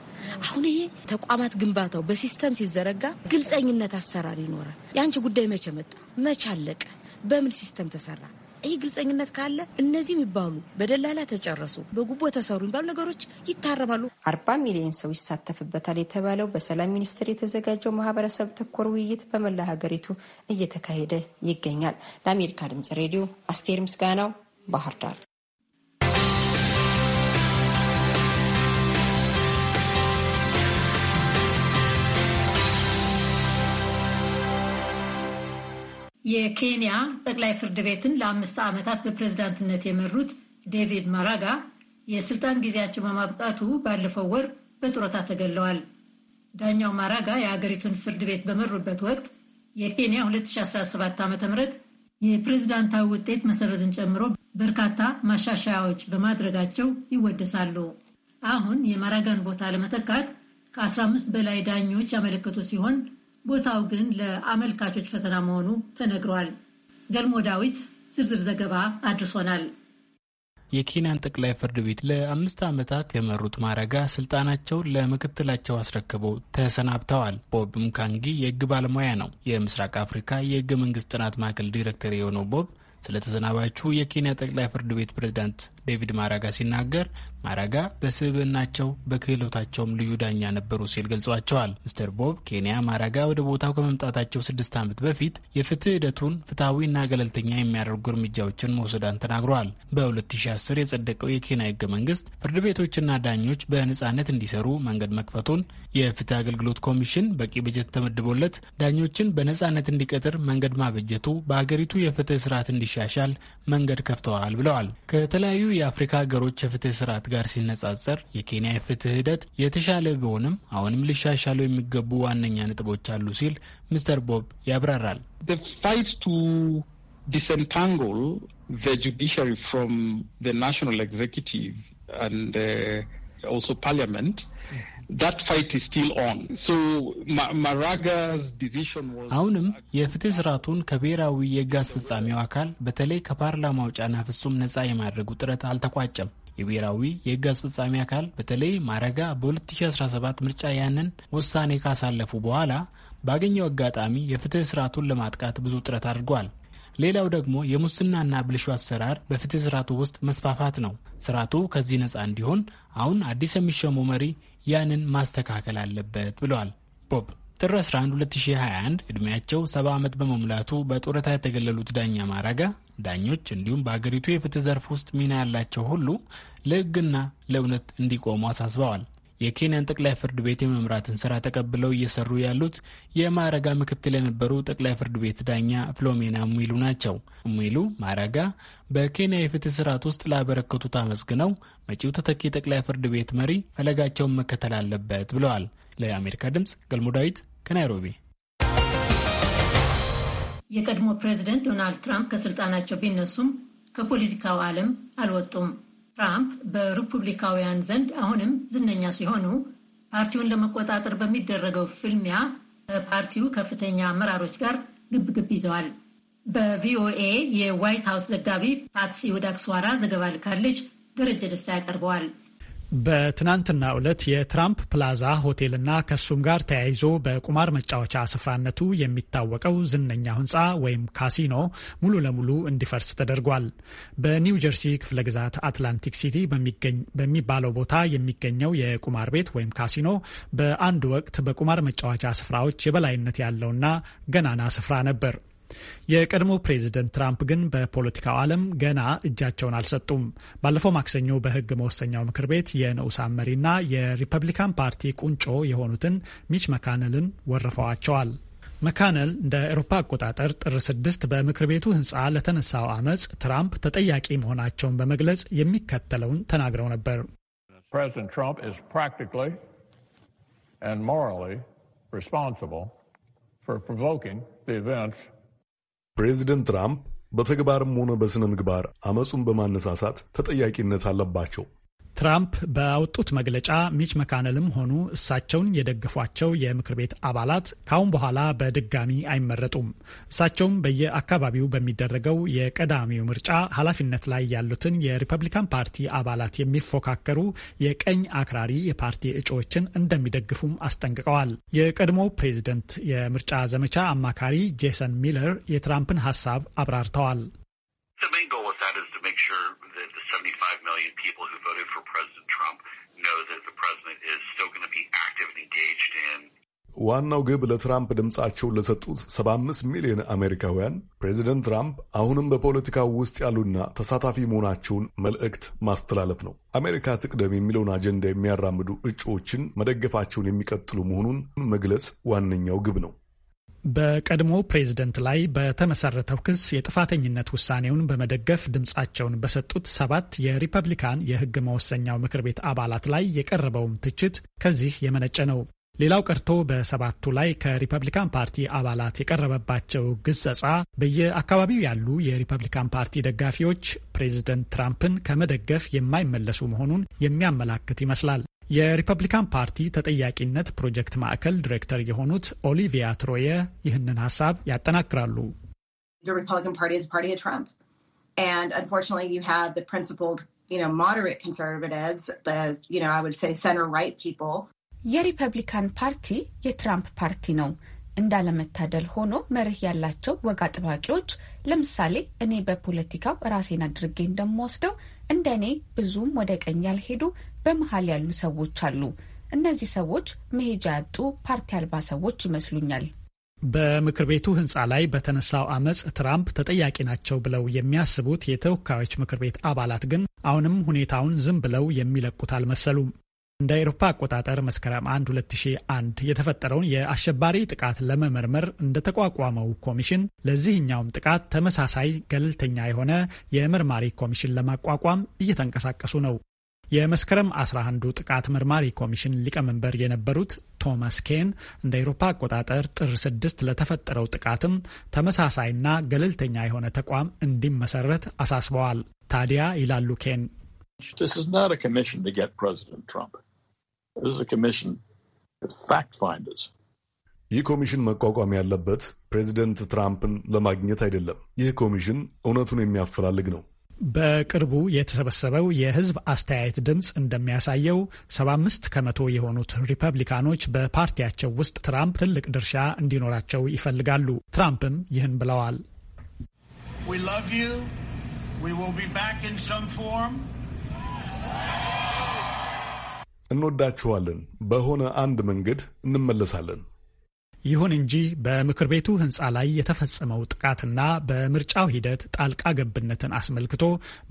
አሁን ይሄ ተቋማት ግንባታው በሲስተም ሲዘረጋ ግልጸኝነት አሰራር ይኖራል። የአንቺ ጉዳይ መቼ መጣ፣ መቼ አለቀ፣ በምን ሲስተም ተሰራ ይህ ግልጸኝነት ካለ እነዚህ የሚባሉ በደላላ ተጨረሱ፣ በጉቦ ተሰሩ የሚባሉ ነገሮች ይታረማሉ። አርባ ሚሊዮን ሰው ይሳተፍበታል የተባለው በሰላም ሚኒስቴር የተዘጋጀው ማህበረሰብ ተኮር ውይይት በመላ ሀገሪቱ እየተካሄደ ይገኛል። ለአሜሪካ ድምጽ ሬዲዮ አስቴር ምስጋናው ባህር ዳር። የኬንያ ጠቅላይ ፍርድ ቤትን ለአምስት ዓመታት በፕሬዝዳንትነት የመሩት ዴቪድ ማራጋ የስልጣን ጊዜያቸው በማብቃቱ ባለፈው ወር በጡረታ ተገለዋል። ዳኛው ማራጋ የአገሪቱን ፍርድ ቤት በመሩበት ወቅት የኬንያ 2017 ዓ ም የፕሬዝዳንታዊ ውጤት መሰረዝን ጨምሮ በርካታ ማሻሻያዎች በማድረጋቸው ይወደሳሉ። አሁን የማራጋን ቦታ ለመተካት ከ15 በላይ ዳኞች ያመለከቱ ሲሆን ቦታው ግን ለአመልካቾች ፈተና መሆኑ ተነግሯል። ገልሞ ዳዊት ዝርዝር ዘገባ አድርሶናል። የኬንያን ጠቅላይ ፍርድ ቤት ለአምስት ዓመታት የመሩት ማረጋ ስልጣናቸውን ለምክትላቸው አስረክበው ተሰናብተዋል። ቦብ ምካንጊ የህግ ባለሙያ ነው። የምስራቅ አፍሪካ የህገ መንግስት ጥናት ማዕከል ዲሬክተር የሆነው ቦብ ስለ ተሰናባቹ የኬንያ ጠቅላይ ፍርድ ቤት ፕሬዝዳንት ዴቪድ ማራጋ ሲናገር ማራጋ በስብዕናቸው በክህሎታቸውም ልዩ ዳኛ ነበሩ ሲል ገልጿቸዋል። ሚስተር ቦብ ኬንያ ማራጋ ወደ ቦታው ከመምጣታቸው ስድስት ዓመት በፊት የፍትህ ሂደቱን ፍትሐዊና ገለልተኛ የሚያደርጉ እርምጃዎችን መውሰዳን ተናግረዋል። በ2010 የጸደቀው የኬንያ ህገ መንግስት ፍርድ ቤቶችና ዳኞች በነጻነት እንዲሰሩ መንገድ መክፈቱን የፍትህ አገልግሎት ኮሚሽን በቂ በጀት ተመድቦለት ዳኞችን በነጻነት እንዲቀጥር መንገድ ማበጀቱ በአገሪቱ የፍትህ ስርዓት እንዲሻሻል መንገድ ከፍተዋል ብለዋል። ከተለያዩ የአፍሪካ ሀገሮች የፍትህ ስርዓት ጋር ሲነጻጸር የኬንያ የፍትህ ሂደት የተሻለ ቢሆንም አሁንም ሊሻሻሉ የሚገቡ ዋነኛ ነጥቦች አሉ ሲል ሚስተር ቦብ ያብራራል። disentangle the judiciary from also parliament, that fight is still on. So Maraga's decision was አሁንም የፍትህ ስርዓቱን ከብሔራዊ የህግ አስፈጻሚው አካል በተለይ ከፓርላማው ጫና ፍጹም ነጻ የማድረጉ ጥረት አልተቋጨም። የብሔራዊ የህግ አስፈጻሚ አካል በተለይ ማረጋ በ2017 ምርጫ ያንን ውሳኔ ካሳለፉ በኋላ ባገኘው አጋጣሚ የፍትህ ስርዓቱን ለማጥቃት ብዙ ጥረት አድርጓል። ሌላው ደግሞ የሙስናና ብልሹ አሰራር በፍትህ ስርዓቱ ውስጥ መስፋፋት ነው። ስርዓቱ ከዚህ ነፃ እንዲሆን አሁን አዲስ የሚሸሙ መሪ ያንን ማስተካከል አለበት ብለዋል ቦብ። ጥር 11 2021 ዕድሜያቸው 70 ዓመት በመሙላቱ በጡረታ የተገለሉት ዳኛ ማራጋ ዳኞች እንዲሁም በአገሪቱ የፍትህ ዘርፍ ውስጥ ሚና ያላቸው ሁሉ ለሕግና ለእውነት እንዲቆሙ አሳስበዋል። የኬንያን ጠቅላይ ፍርድ ቤት የመምራትን ስራ ተቀብለው እየሰሩ ያሉት የማረጋ ምክትል የነበሩ ጠቅላይ ፍርድ ቤት ዳኛ ፍሎሜና ሙይሉ ናቸው። ሙይሉ ማረጋ በኬንያ የፍትህ ስርዓት ውስጥ ላበረከቱት አመስግነው መጪው ተተኪ ጠቅላይ ፍርድ ቤት መሪ ፈለጋቸውን መከተል አለበት ብለዋል። ለአሜሪካ ድምጽ ገልሞ ዳዊት ከናይሮቢ። የቀድሞ ፕሬዚደንት ዶናልድ ትራምፕ ከስልጣናቸው ቢነሱም ከፖለቲካው ዓለም አልወጡም። ትራምፕ በሪፑብሊካውያን ዘንድ አሁንም ዝነኛ ሲሆኑ ፓርቲውን ለመቆጣጠር በሚደረገው ፍልሚያ ከፓርቲው ከፍተኛ አመራሮች ጋር ግብግብ ይዘዋል። በቪኦኤ የዋይት ሀውስ ዘጋቢ ፓትሲ ወዳክስዋራ ዘገባ ልካለች። ደረጀ ደስታ ያቀርበዋል። በትናንትና ዕለት የትራምፕ ፕላዛ ሆቴልና ከሱም ጋር ተያይዞ በቁማር መጫወቻ ስፍራነቱ የሚታወቀው ዝነኛ ህንፃ ወይም ካሲኖ ሙሉ ለሙሉ እንዲፈርስ ተደርጓል። በኒው ጀርሲ ክፍለ ግዛት አትላንቲክ ሲቲ በሚባለው ቦታ የሚገኘው የቁማር ቤት ወይም ካሲኖ በአንድ ወቅት በቁማር መጫወቻ ስፍራዎች የበላይነት ያለውና ገናና ስፍራ ነበር። የቀድሞ ፕሬዝደንት ትራምፕ ግን በፖለቲካው ዓለም ገና እጃቸውን አልሰጡም። ባለፈው ማክሰኞ በሕግ መወሰኛው ምክር ቤት የንዑሳን መሪና የሪፐብሊካን ፓርቲ ቁንጮ የሆኑትን ሚች መካነልን ወርፈዋቸዋል። መካነል እንደ አውሮፓ አቆጣጠር ጥር ስድስት በምክር ቤቱ ህንፃ ለተነሳው አመፅ ትራምፕ ተጠያቂ መሆናቸውን በመግለጽ የሚከተለውን ተናግረው ነበር። ፕሬዚደንት ትራምፕ ፕሬዚደንት ትራምፕ በተግባርም ሆነ በሥነ ምግባር አመፁን በማነሳሳት ተጠያቂነት አለባቸው። ትራምፕ በወጡት መግለጫ ሚች መካነልም ሆኑ እሳቸውን የደገፏቸው የምክር ቤት አባላት ካሁን በኋላ በድጋሚ አይመረጡም። እሳቸውም በየአካባቢው በሚደረገው የቀዳሚው ምርጫ ኃላፊነት ላይ ያሉትን የሪፐብሊካን ፓርቲ አባላት የሚፎካከሩ የቀኝ አክራሪ የፓርቲ እጩዎችን እንደሚደግፉም አስጠንቅቀዋል። የቀድሞው ፕሬዝደንት የምርጫ ዘመቻ አማካሪ ጄሰን ሚለር የትራምፕን ሀሳብ አብራርተዋል። million people who voted for President Trump know that the president is still going to be active and engaged in ዋናው ግብ ለትራምፕ ድምፃቸውን ለሰጡት 75 ሚሊዮን አሜሪካውያን ፕሬዚደንት ትራምፕ አሁንም በፖለቲካው ውስጥ ያሉና ተሳታፊ መሆናቸውን መልእክት ማስተላለፍ ነው። አሜሪካ ትቅደም የሚለውን አጀንዳ የሚያራምዱ እጩዎችን መደገፋቸውን የሚቀጥሉ መሆኑን መግለጽ ዋነኛው ግብ ነው። በቀድሞ ፕሬዝደንት ላይ በተመሰረተው ክስ የጥፋተኝነት ውሳኔውን በመደገፍ ድምፃቸውን በሰጡት ሰባት የሪፐብሊካን የህግ መወሰኛው ምክር ቤት አባላት ላይ የቀረበውም ትችት ከዚህ የመነጨ ነው። ሌላው ቀርቶ በሰባቱ ላይ ከሪፐብሊካን ፓርቲ አባላት የቀረበባቸው ግጸጻ በየአካባቢው ያሉ የሪፐብሊካን ፓርቲ ደጋፊዎች ፕሬዝደንት ትራምፕን ከመደገፍ የማይመለሱ መሆኑን የሚያመላክት ይመስላል። የሪፐብሊካን ፓርቲ ተጠያቂነት ፕሮጀክት ማዕከል ዲሬክተር የሆኑት ኦሊቪያ ትሮየ ይህንን ሀሳብ ያጠናክራሉ። የሪፐብሊካን ፓርቲ የትራምፕ ፓርቲ ነው። እንዳለመታደል ሆኖ መርህ ያላቸው ወግ አጥባቂዎች ለምሳሌ እኔ በፖለቲካው ራሴን አድርጌ እንደምወስደው እንደ እኔ ብዙም ወደ ቀኝ ያልሄዱ በመሀል ያሉ ሰዎች አሉ። እነዚህ ሰዎች መሄጃ ያጡ ፓርቲ አልባ ሰዎች ይመስሉኛል። በምክር ቤቱ ህንፃ ላይ በተነሳው አመፅ ትራምፕ ተጠያቂ ናቸው ብለው የሚያስቡት የተወካዮች ምክር ቤት አባላት ግን አሁንም ሁኔታውን ዝም ብለው የሚለቁት አልመሰሉም። እንደ አውሮፓ አቆጣጠር መስከረም 1 2001 የተፈጠረውን የአሸባሪ ጥቃት ለመመርመር እንደተቋቋመው ኮሚሽን ለዚህኛውም ጥቃት ተመሳሳይ ገለልተኛ የሆነ የመርማሪ ኮሚሽን ለማቋቋም እየተንቀሳቀሱ ነው። የመስከረም 11ዱ ጥቃት መርማሪ ኮሚሽን ሊቀመንበር የነበሩት ቶማስ ኬን እንደ አውሮፓ አቆጣጠር ጥር 6 ለተፈጠረው ጥቃትም ተመሳሳይና ገለልተኛ የሆነ ተቋም እንዲመሰረት አሳስበዋል። ታዲያ ይላሉ ኬን ይህ ኮሚሽን መቋቋም ያለበት ፕሬዚደንት ትራምፕን ለማግኘት አይደለም። ይህ ኮሚሽን እውነቱን የሚያፈላልግ ነው። በቅርቡ የተሰበሰበው የሕዝብ አስተያየት ድምፅ እንደሚያሳየው 75 ከመቶ የሆኑት ሪፐብሊካኖች በፓርቲያቸው ውስጥ ትራምፕ ትልቅ ድርሻ እንዲኖራቸው ይፈልጋሉ። ትራምፕም ይህን ብለዋል። እንወዳችኋለን። በሆነ አንድ መንገድ እንመለሳለን። ይሁን እንጂ በምክር ቤቱ ህንፃ ላይ የተፈጸመው ጥቃትና በምርጫው ሂደት ጣልቃ ገብነትን አስመልክቶ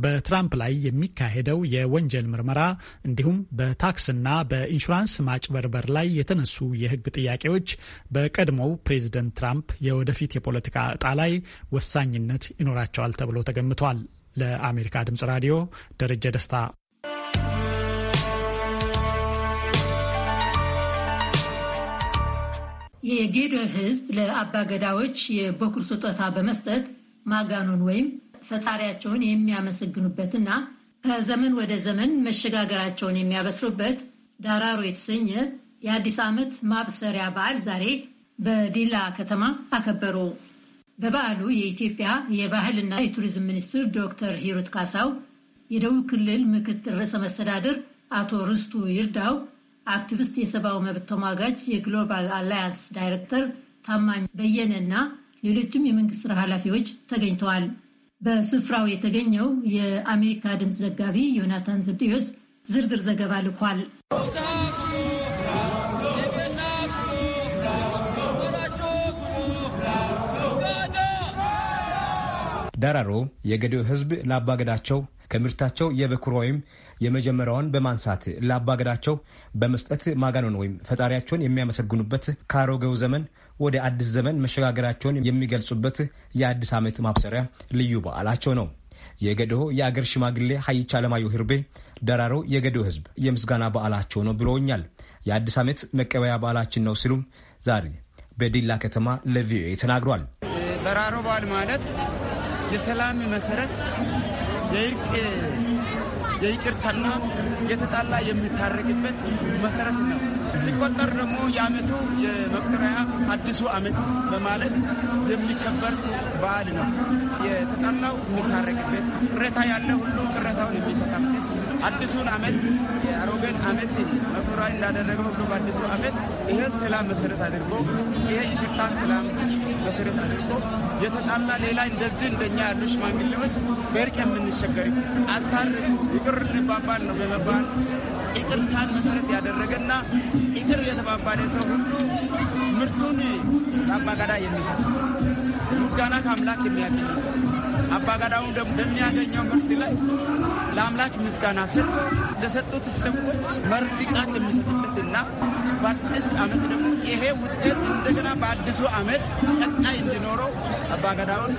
በትራምፕ ላይ የሚካሄደው የወንጀል ምርመራ እንዲሁም በታክስና በኢንሹራንስ ማጭበርበር ላይ የተነሱ የህግ ጥያቄዎች በቀድሞው ፕሬዝደንት ትራምፕ የወደፊት የፖለቲካ እጣ ላይ ወሳኝነት ይኖራቸዋል ተብሎ ተገምቷል። ለአሜሪካ ድምጽ ራዲዮ ደረጀ ደስታ የጌዶ ህዝብ ለአባገዳዎች የበኩር ስጦታ በመስጠት ማጋኑን ወይም ፈጣሪያቸውን የሚያመሰግኑበትና ከዘመን ወደ ዘመን መሸጋገራቸውን የሚያበስሩበት ዳራሮ የተሰኘ የአዲስ ዓመት ማብሰሪያ በዓል ዛሬ በዲላ ከተማ አከበሩ። በበዓሉ የኢትዮጵያ የባህልና የቱሪዝም ሚኒስትር ዶክተር ሂሩት ካሳው፣ የደቡብ ክልል ምክትል ርዕሰ መስተዳድር አቶ ርስቱ ይርዳው አክቲቪስት፣ የሰብአዊ መብት ተሟጋጅ፣ የግሎባል አላያንስ ዳይሬክተር ታማኝ እና ሌሎችም የመንግስት ስራ ኃላፊዎች ተገኝተዋል። በስፍራው የተገኘው የአሜሪካ ድምፅ ዘጋቢ ዮናታን ዘብዴዎስ ዝርዝር ዘገባ ልኳል። ደራሮ የገዲዮ ህዝብ ለአባገዳቸው ከምርታቸው የበኩር ወይም የመጀመሪያውን በማንሳት ለአባገዳቸው በመስጠት ማጋኖን ወይም ፈጣሪያቸውን የሚያመሰግኑበት ከአሮጌው ዘመን ወደ አዲስ ዘመን መሸጋገራቸውን የሚገልጹበት የአዲስ ዓመት ማብሰሪያ ልዩ በዓላቸው ነው። የገዶ የአገር ሽማግሌ ሀይቻ አለማየሁ ህርቤ ደራሮ የገዶ ህዝብ የምስጋና በዓላቸው ነው ብሎኛል የአዲስ ዓመት መቀበያ በዓላችን ነው ሲሉም ዛሬ በዲላ ከተማ ለቪኦኤ ተናግሯል። ደራሮ በዓል ማለት የሰላም መሰረት የእርቅ የይቅርታና የተጣላ የሚታረቅበት መሰረት ነው። ሲቆጠር ደግሞ የአመቱ የመቁጠሪያ አዲሱ አመት በማለት የሚከበር በዓል ነው። የተጣላው የሚታረቅበት፣ ቅሬታ ያለ ሁሉ ቅሬታውን የሚፈታበት አዲሱን አመት የአሮገን አመት መቁጠሪያ እንዳደረገ ሁሉ በአዲሱ አመት ይሄ ሰላም መሰረት አድርጎ ይሄ ይቅርታ ሰላም መሰረት አድርጎ የተጣላ ሌላ እንደዚህ እንደኛ ያሉ ሽማግሌዎች በእርቅ የምንቸገር አስታር ይቅር እንባባል ነው በመባል ይቅርታን መሰረት ያደረገና ይቅር የተባባለ ሰው ሁሉ ምርቱን አባጋዳ የሚሰጥ ምስጋና ከአምላክ የሚያገኝ አባጋዳውን ደግሞ በሚያገኘው ምርት ላይ ለአምላክ ምስጋና ሰጥ ለሰጡት ሰዎች መርቃት የሚሰጥበትና በአዲስ አመት ደግሞ ይሄ ውጤት እንደገና በአዲሱ አመት ቀጣይ እንዲኖረው አባገዳውን፣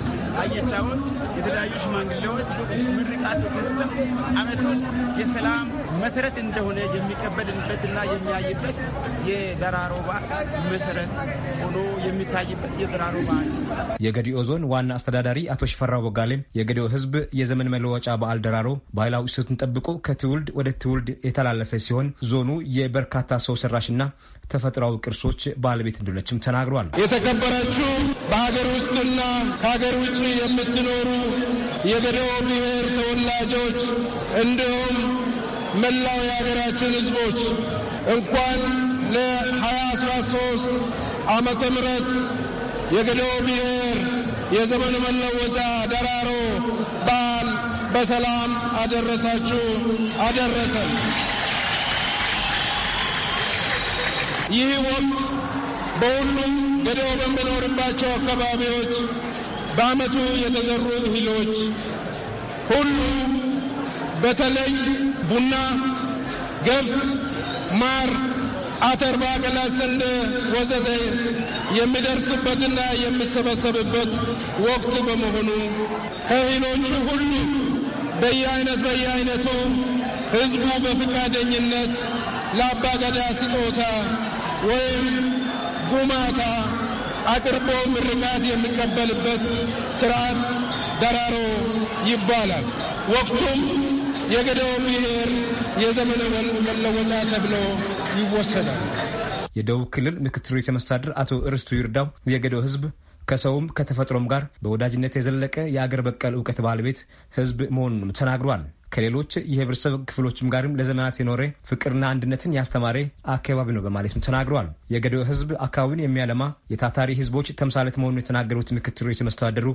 አየቻውን፣ የተለያዩ ሽማግሌዎች ምርቃት ተሰጥተን አመቱን የሰላም መሰረት እንደሆነ የሚቀበልንበትና የሚያይበት የደራሮ በዓል መሰረት ሆኖ የሚታይበት የደራሮ በዓል የገዲኦ ዞን ዋና አስተዳዳሪ አቶ ሽፈራው ቦጋሌም የገዲኦ ሕዝብ የዘመን መለወጫ በዓል ደራሮ ባህላዊ እሴቱን ጠብቆ ከትውልድ ወደ ትውልድ የተላለፈ ሲሆን ዞኑ የበርካታ ሰው ሰራሽና ተፈጥሯዊ ቅርሶች ባለቤት እንደሆነችም ተናግሯል። የተከበረችው በሀገር ውስጥና ከሀገር ውጭ የምትኖሩ የገዲኦ ብሔር ተወላጆች እንዲሁም መላው የሀገራችን ህዝቦች እንኳን ለ2013 ዓመተ ምህረት የገዶ ብሔር የዘመን መለወጫ ደራሮ በዓል በሰላም አደረሳችሁ አደረሰን። ይህ ወቅት በሁሉም ገዶ በሚኖርባቸው አካባቢዎች በዓመቱ የተዘሩ እህሎች ሁሉ በተለይ ቡና፣ ገብስ፣ ማር፣ አተር፣ ባቄላ፣ ስንዴ ወዘተ የሚደርስበትና የሚሰበሰብበት ወቅት በመሆኑ ከእህሎቹ ሁሉ በየአይነት በየአይነቱ ህዝቡ በፈቃደኝነት ለአባገዳ ስጦታ ወይም ጉማታ አቅርቦ ምርቃት የሚቀበልበት ስርዓት ደራሮ ይባላል። ወቅቱም የገዳው ብሔር የዘመነ መለወጫ ተብሎ ይወሰዳል። የደቡብ ክልል ምክትል ርዕሰ መስተዳድር አቶ እርስቱ ይርዳው የገዳው ህዝብ ከሰውም ከተፈጥሮም ጋር በወዳጅነት የዘለቀ የአገር በቀል እውቀት ባለቤት ህዝብ መሆኑንም ተናግሯል። ከሌሎች የህብረተሰብ ክፍሎችም ጋርም ለዘመናት የኖረ ፍቅርና አንድነትን ያስተማረ አካባቢ ነው በማለትም ተናግረዋል። የገዶ ህዝብ አካባቢን የሚያለማ የታታሪ ህዝቦች ተምሳሌት መሆኑን የተናገሩት ምክትል ርዕሰ መስተዳድሩ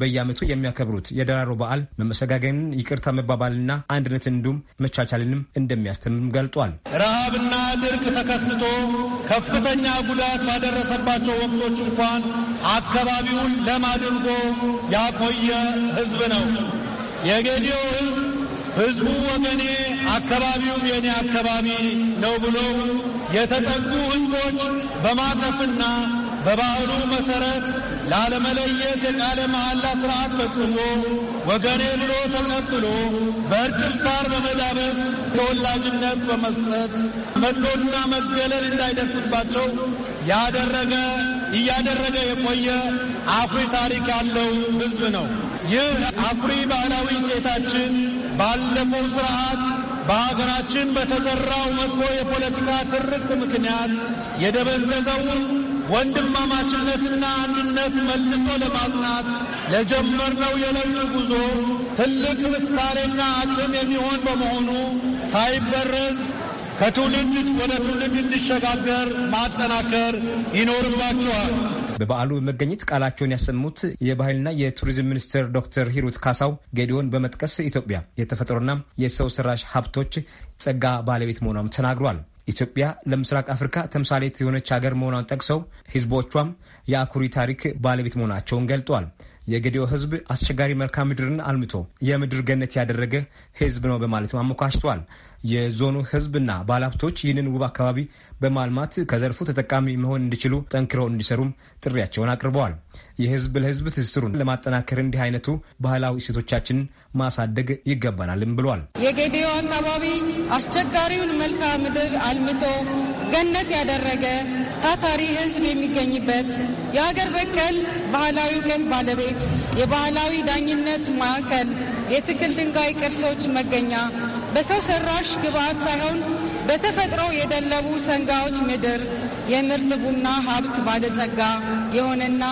በየአመቱ የሚያከብሩት የደራሮ በዓል መመሰጋገንን፣ ይቅርታ መባባልና አንድነትን እንዲሁም መቻቻልንም እንደሚያስተምም ገልጧል። ረሃብና ድርቅ ተከስቶ ከፍተኛ ጉዳት ባደረሰባቸው ወቅቶች እንኳን አካባቢውን ለም አድርጎ ያቆየ ህዝብ ነው። የጌዲዮ ህዝብ ህዝቡ ወገኔ፣ አካባቢውም የኔ አካባቢ ነው ብሎ የተጠጉ ህዝቦች በማጠፍና በባህሉ መሰረት ላለመለየት የቃለ መሐላ ስርዓት ፈጽሞ ወገኔ ብሎ ተቀብሎ በእርጥብ ሳር በመዳበስ ተወላጅነት በመስጠት መድሎና መገለል እንዳይደርስባቸው ያደረገ እያደረገ የቆየ አኩሪ ታሪክ ያለው ህዝብ ነው። ይህ አኩሪ ባህላዊ ሴታችን ባለፈው ስርዓት በሀገራችን በተዘራው መጥፎ የፖለቲካ ትርክት ምክንያት የደበዘዘውን ወንድማማችነትና አንድነት መልሶ ለማጽናት ለጀመርነው የለውጥ ጉዞ ትልቅ ምሳሌና አቅም የሚሆን በመሆኑ ሳይበረዝ ከትውልድ ወደ ትውልድ እንዲሸጋገር ማጠናከር ይኖርባቸዋል። በበዓሉ በመገኘት ቃላቸውን ያሰሙት የባህልና የቱሪዝም ሚኒስትር ዶክተር ሂሩት ካሳው ጌዲዮን በመጥቀስ ኢትዮጵያ የተፈጥሮና የሰው ሰራሽ ሀብቶች ጸጋ ባለቤት መሆኗም ተናግሯል። ኢትዮጵያ ለምስራቅ አፍሪካ ተምሳሌት የሆነች ሀገር መሆኗን ጠቅሰው ህዝቦቿም የአኩሪ ታሪክ ባለቤት መሆናቸውን ገልጧል። የጌዲኦ ህዝብ አስቸጋሪ መልካም ምድርን አልምቶ የምድር ገነት ያደረገ ህዝብ ነው በማለትም አሞካሽቷል። የዞኑ ና ባለሀብቶች ይህንን ውብ አካባቢ በማልማት ከዘርፉ ተጠቃሚ መሆን እንዲችሉ ጠንክረው እንዲሰሩም ጥሪያቸውን አቅርበዋል። የህዝብ ለህዝብ ትስስሩን ለማጠናከር እንዲህ አይነቱ ባህላዊ እሴቶቻችንን ማሳደግ ይገባናልም ብሏል። የጌዲዮ አካባቢ አስቸጋሪውን መልክዓ ምድር አልምቶ ገነት ያደረገ ታታሪ ህዝብ የሚገኝበት የሀገር በቀል ባህላዊ እውቀት ባለቤት የባህላዊ ዳኝነት ማዕከል፣ የትክል ድንጋይ ቅርሶች መገኛ በሰው ሰራሽ ግብዓት ሳይሆን በተፈጥሮ የደለቡ ሰንጋዎች ምድር የምርት ቡና ሀብት ባለጸጋ የሆነና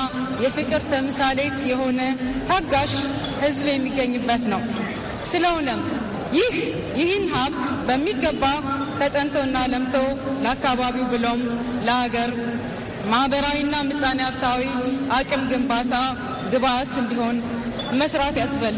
የፍቅር ተምሳሌት የሆነ ታጋሽ ሕዝብ የሚገኝበት ነው። ስለሆነም ይህ ይህን ሀብት በሚገባ ተጠንቶና ለምቶ ለአካባቢው ብሎም ለሀገር ማህበራዊና ምጣኔ ሀብታዊ አቅም ግንባታ ግብዓት እንዲሆን መስራት ያስፈልጋል።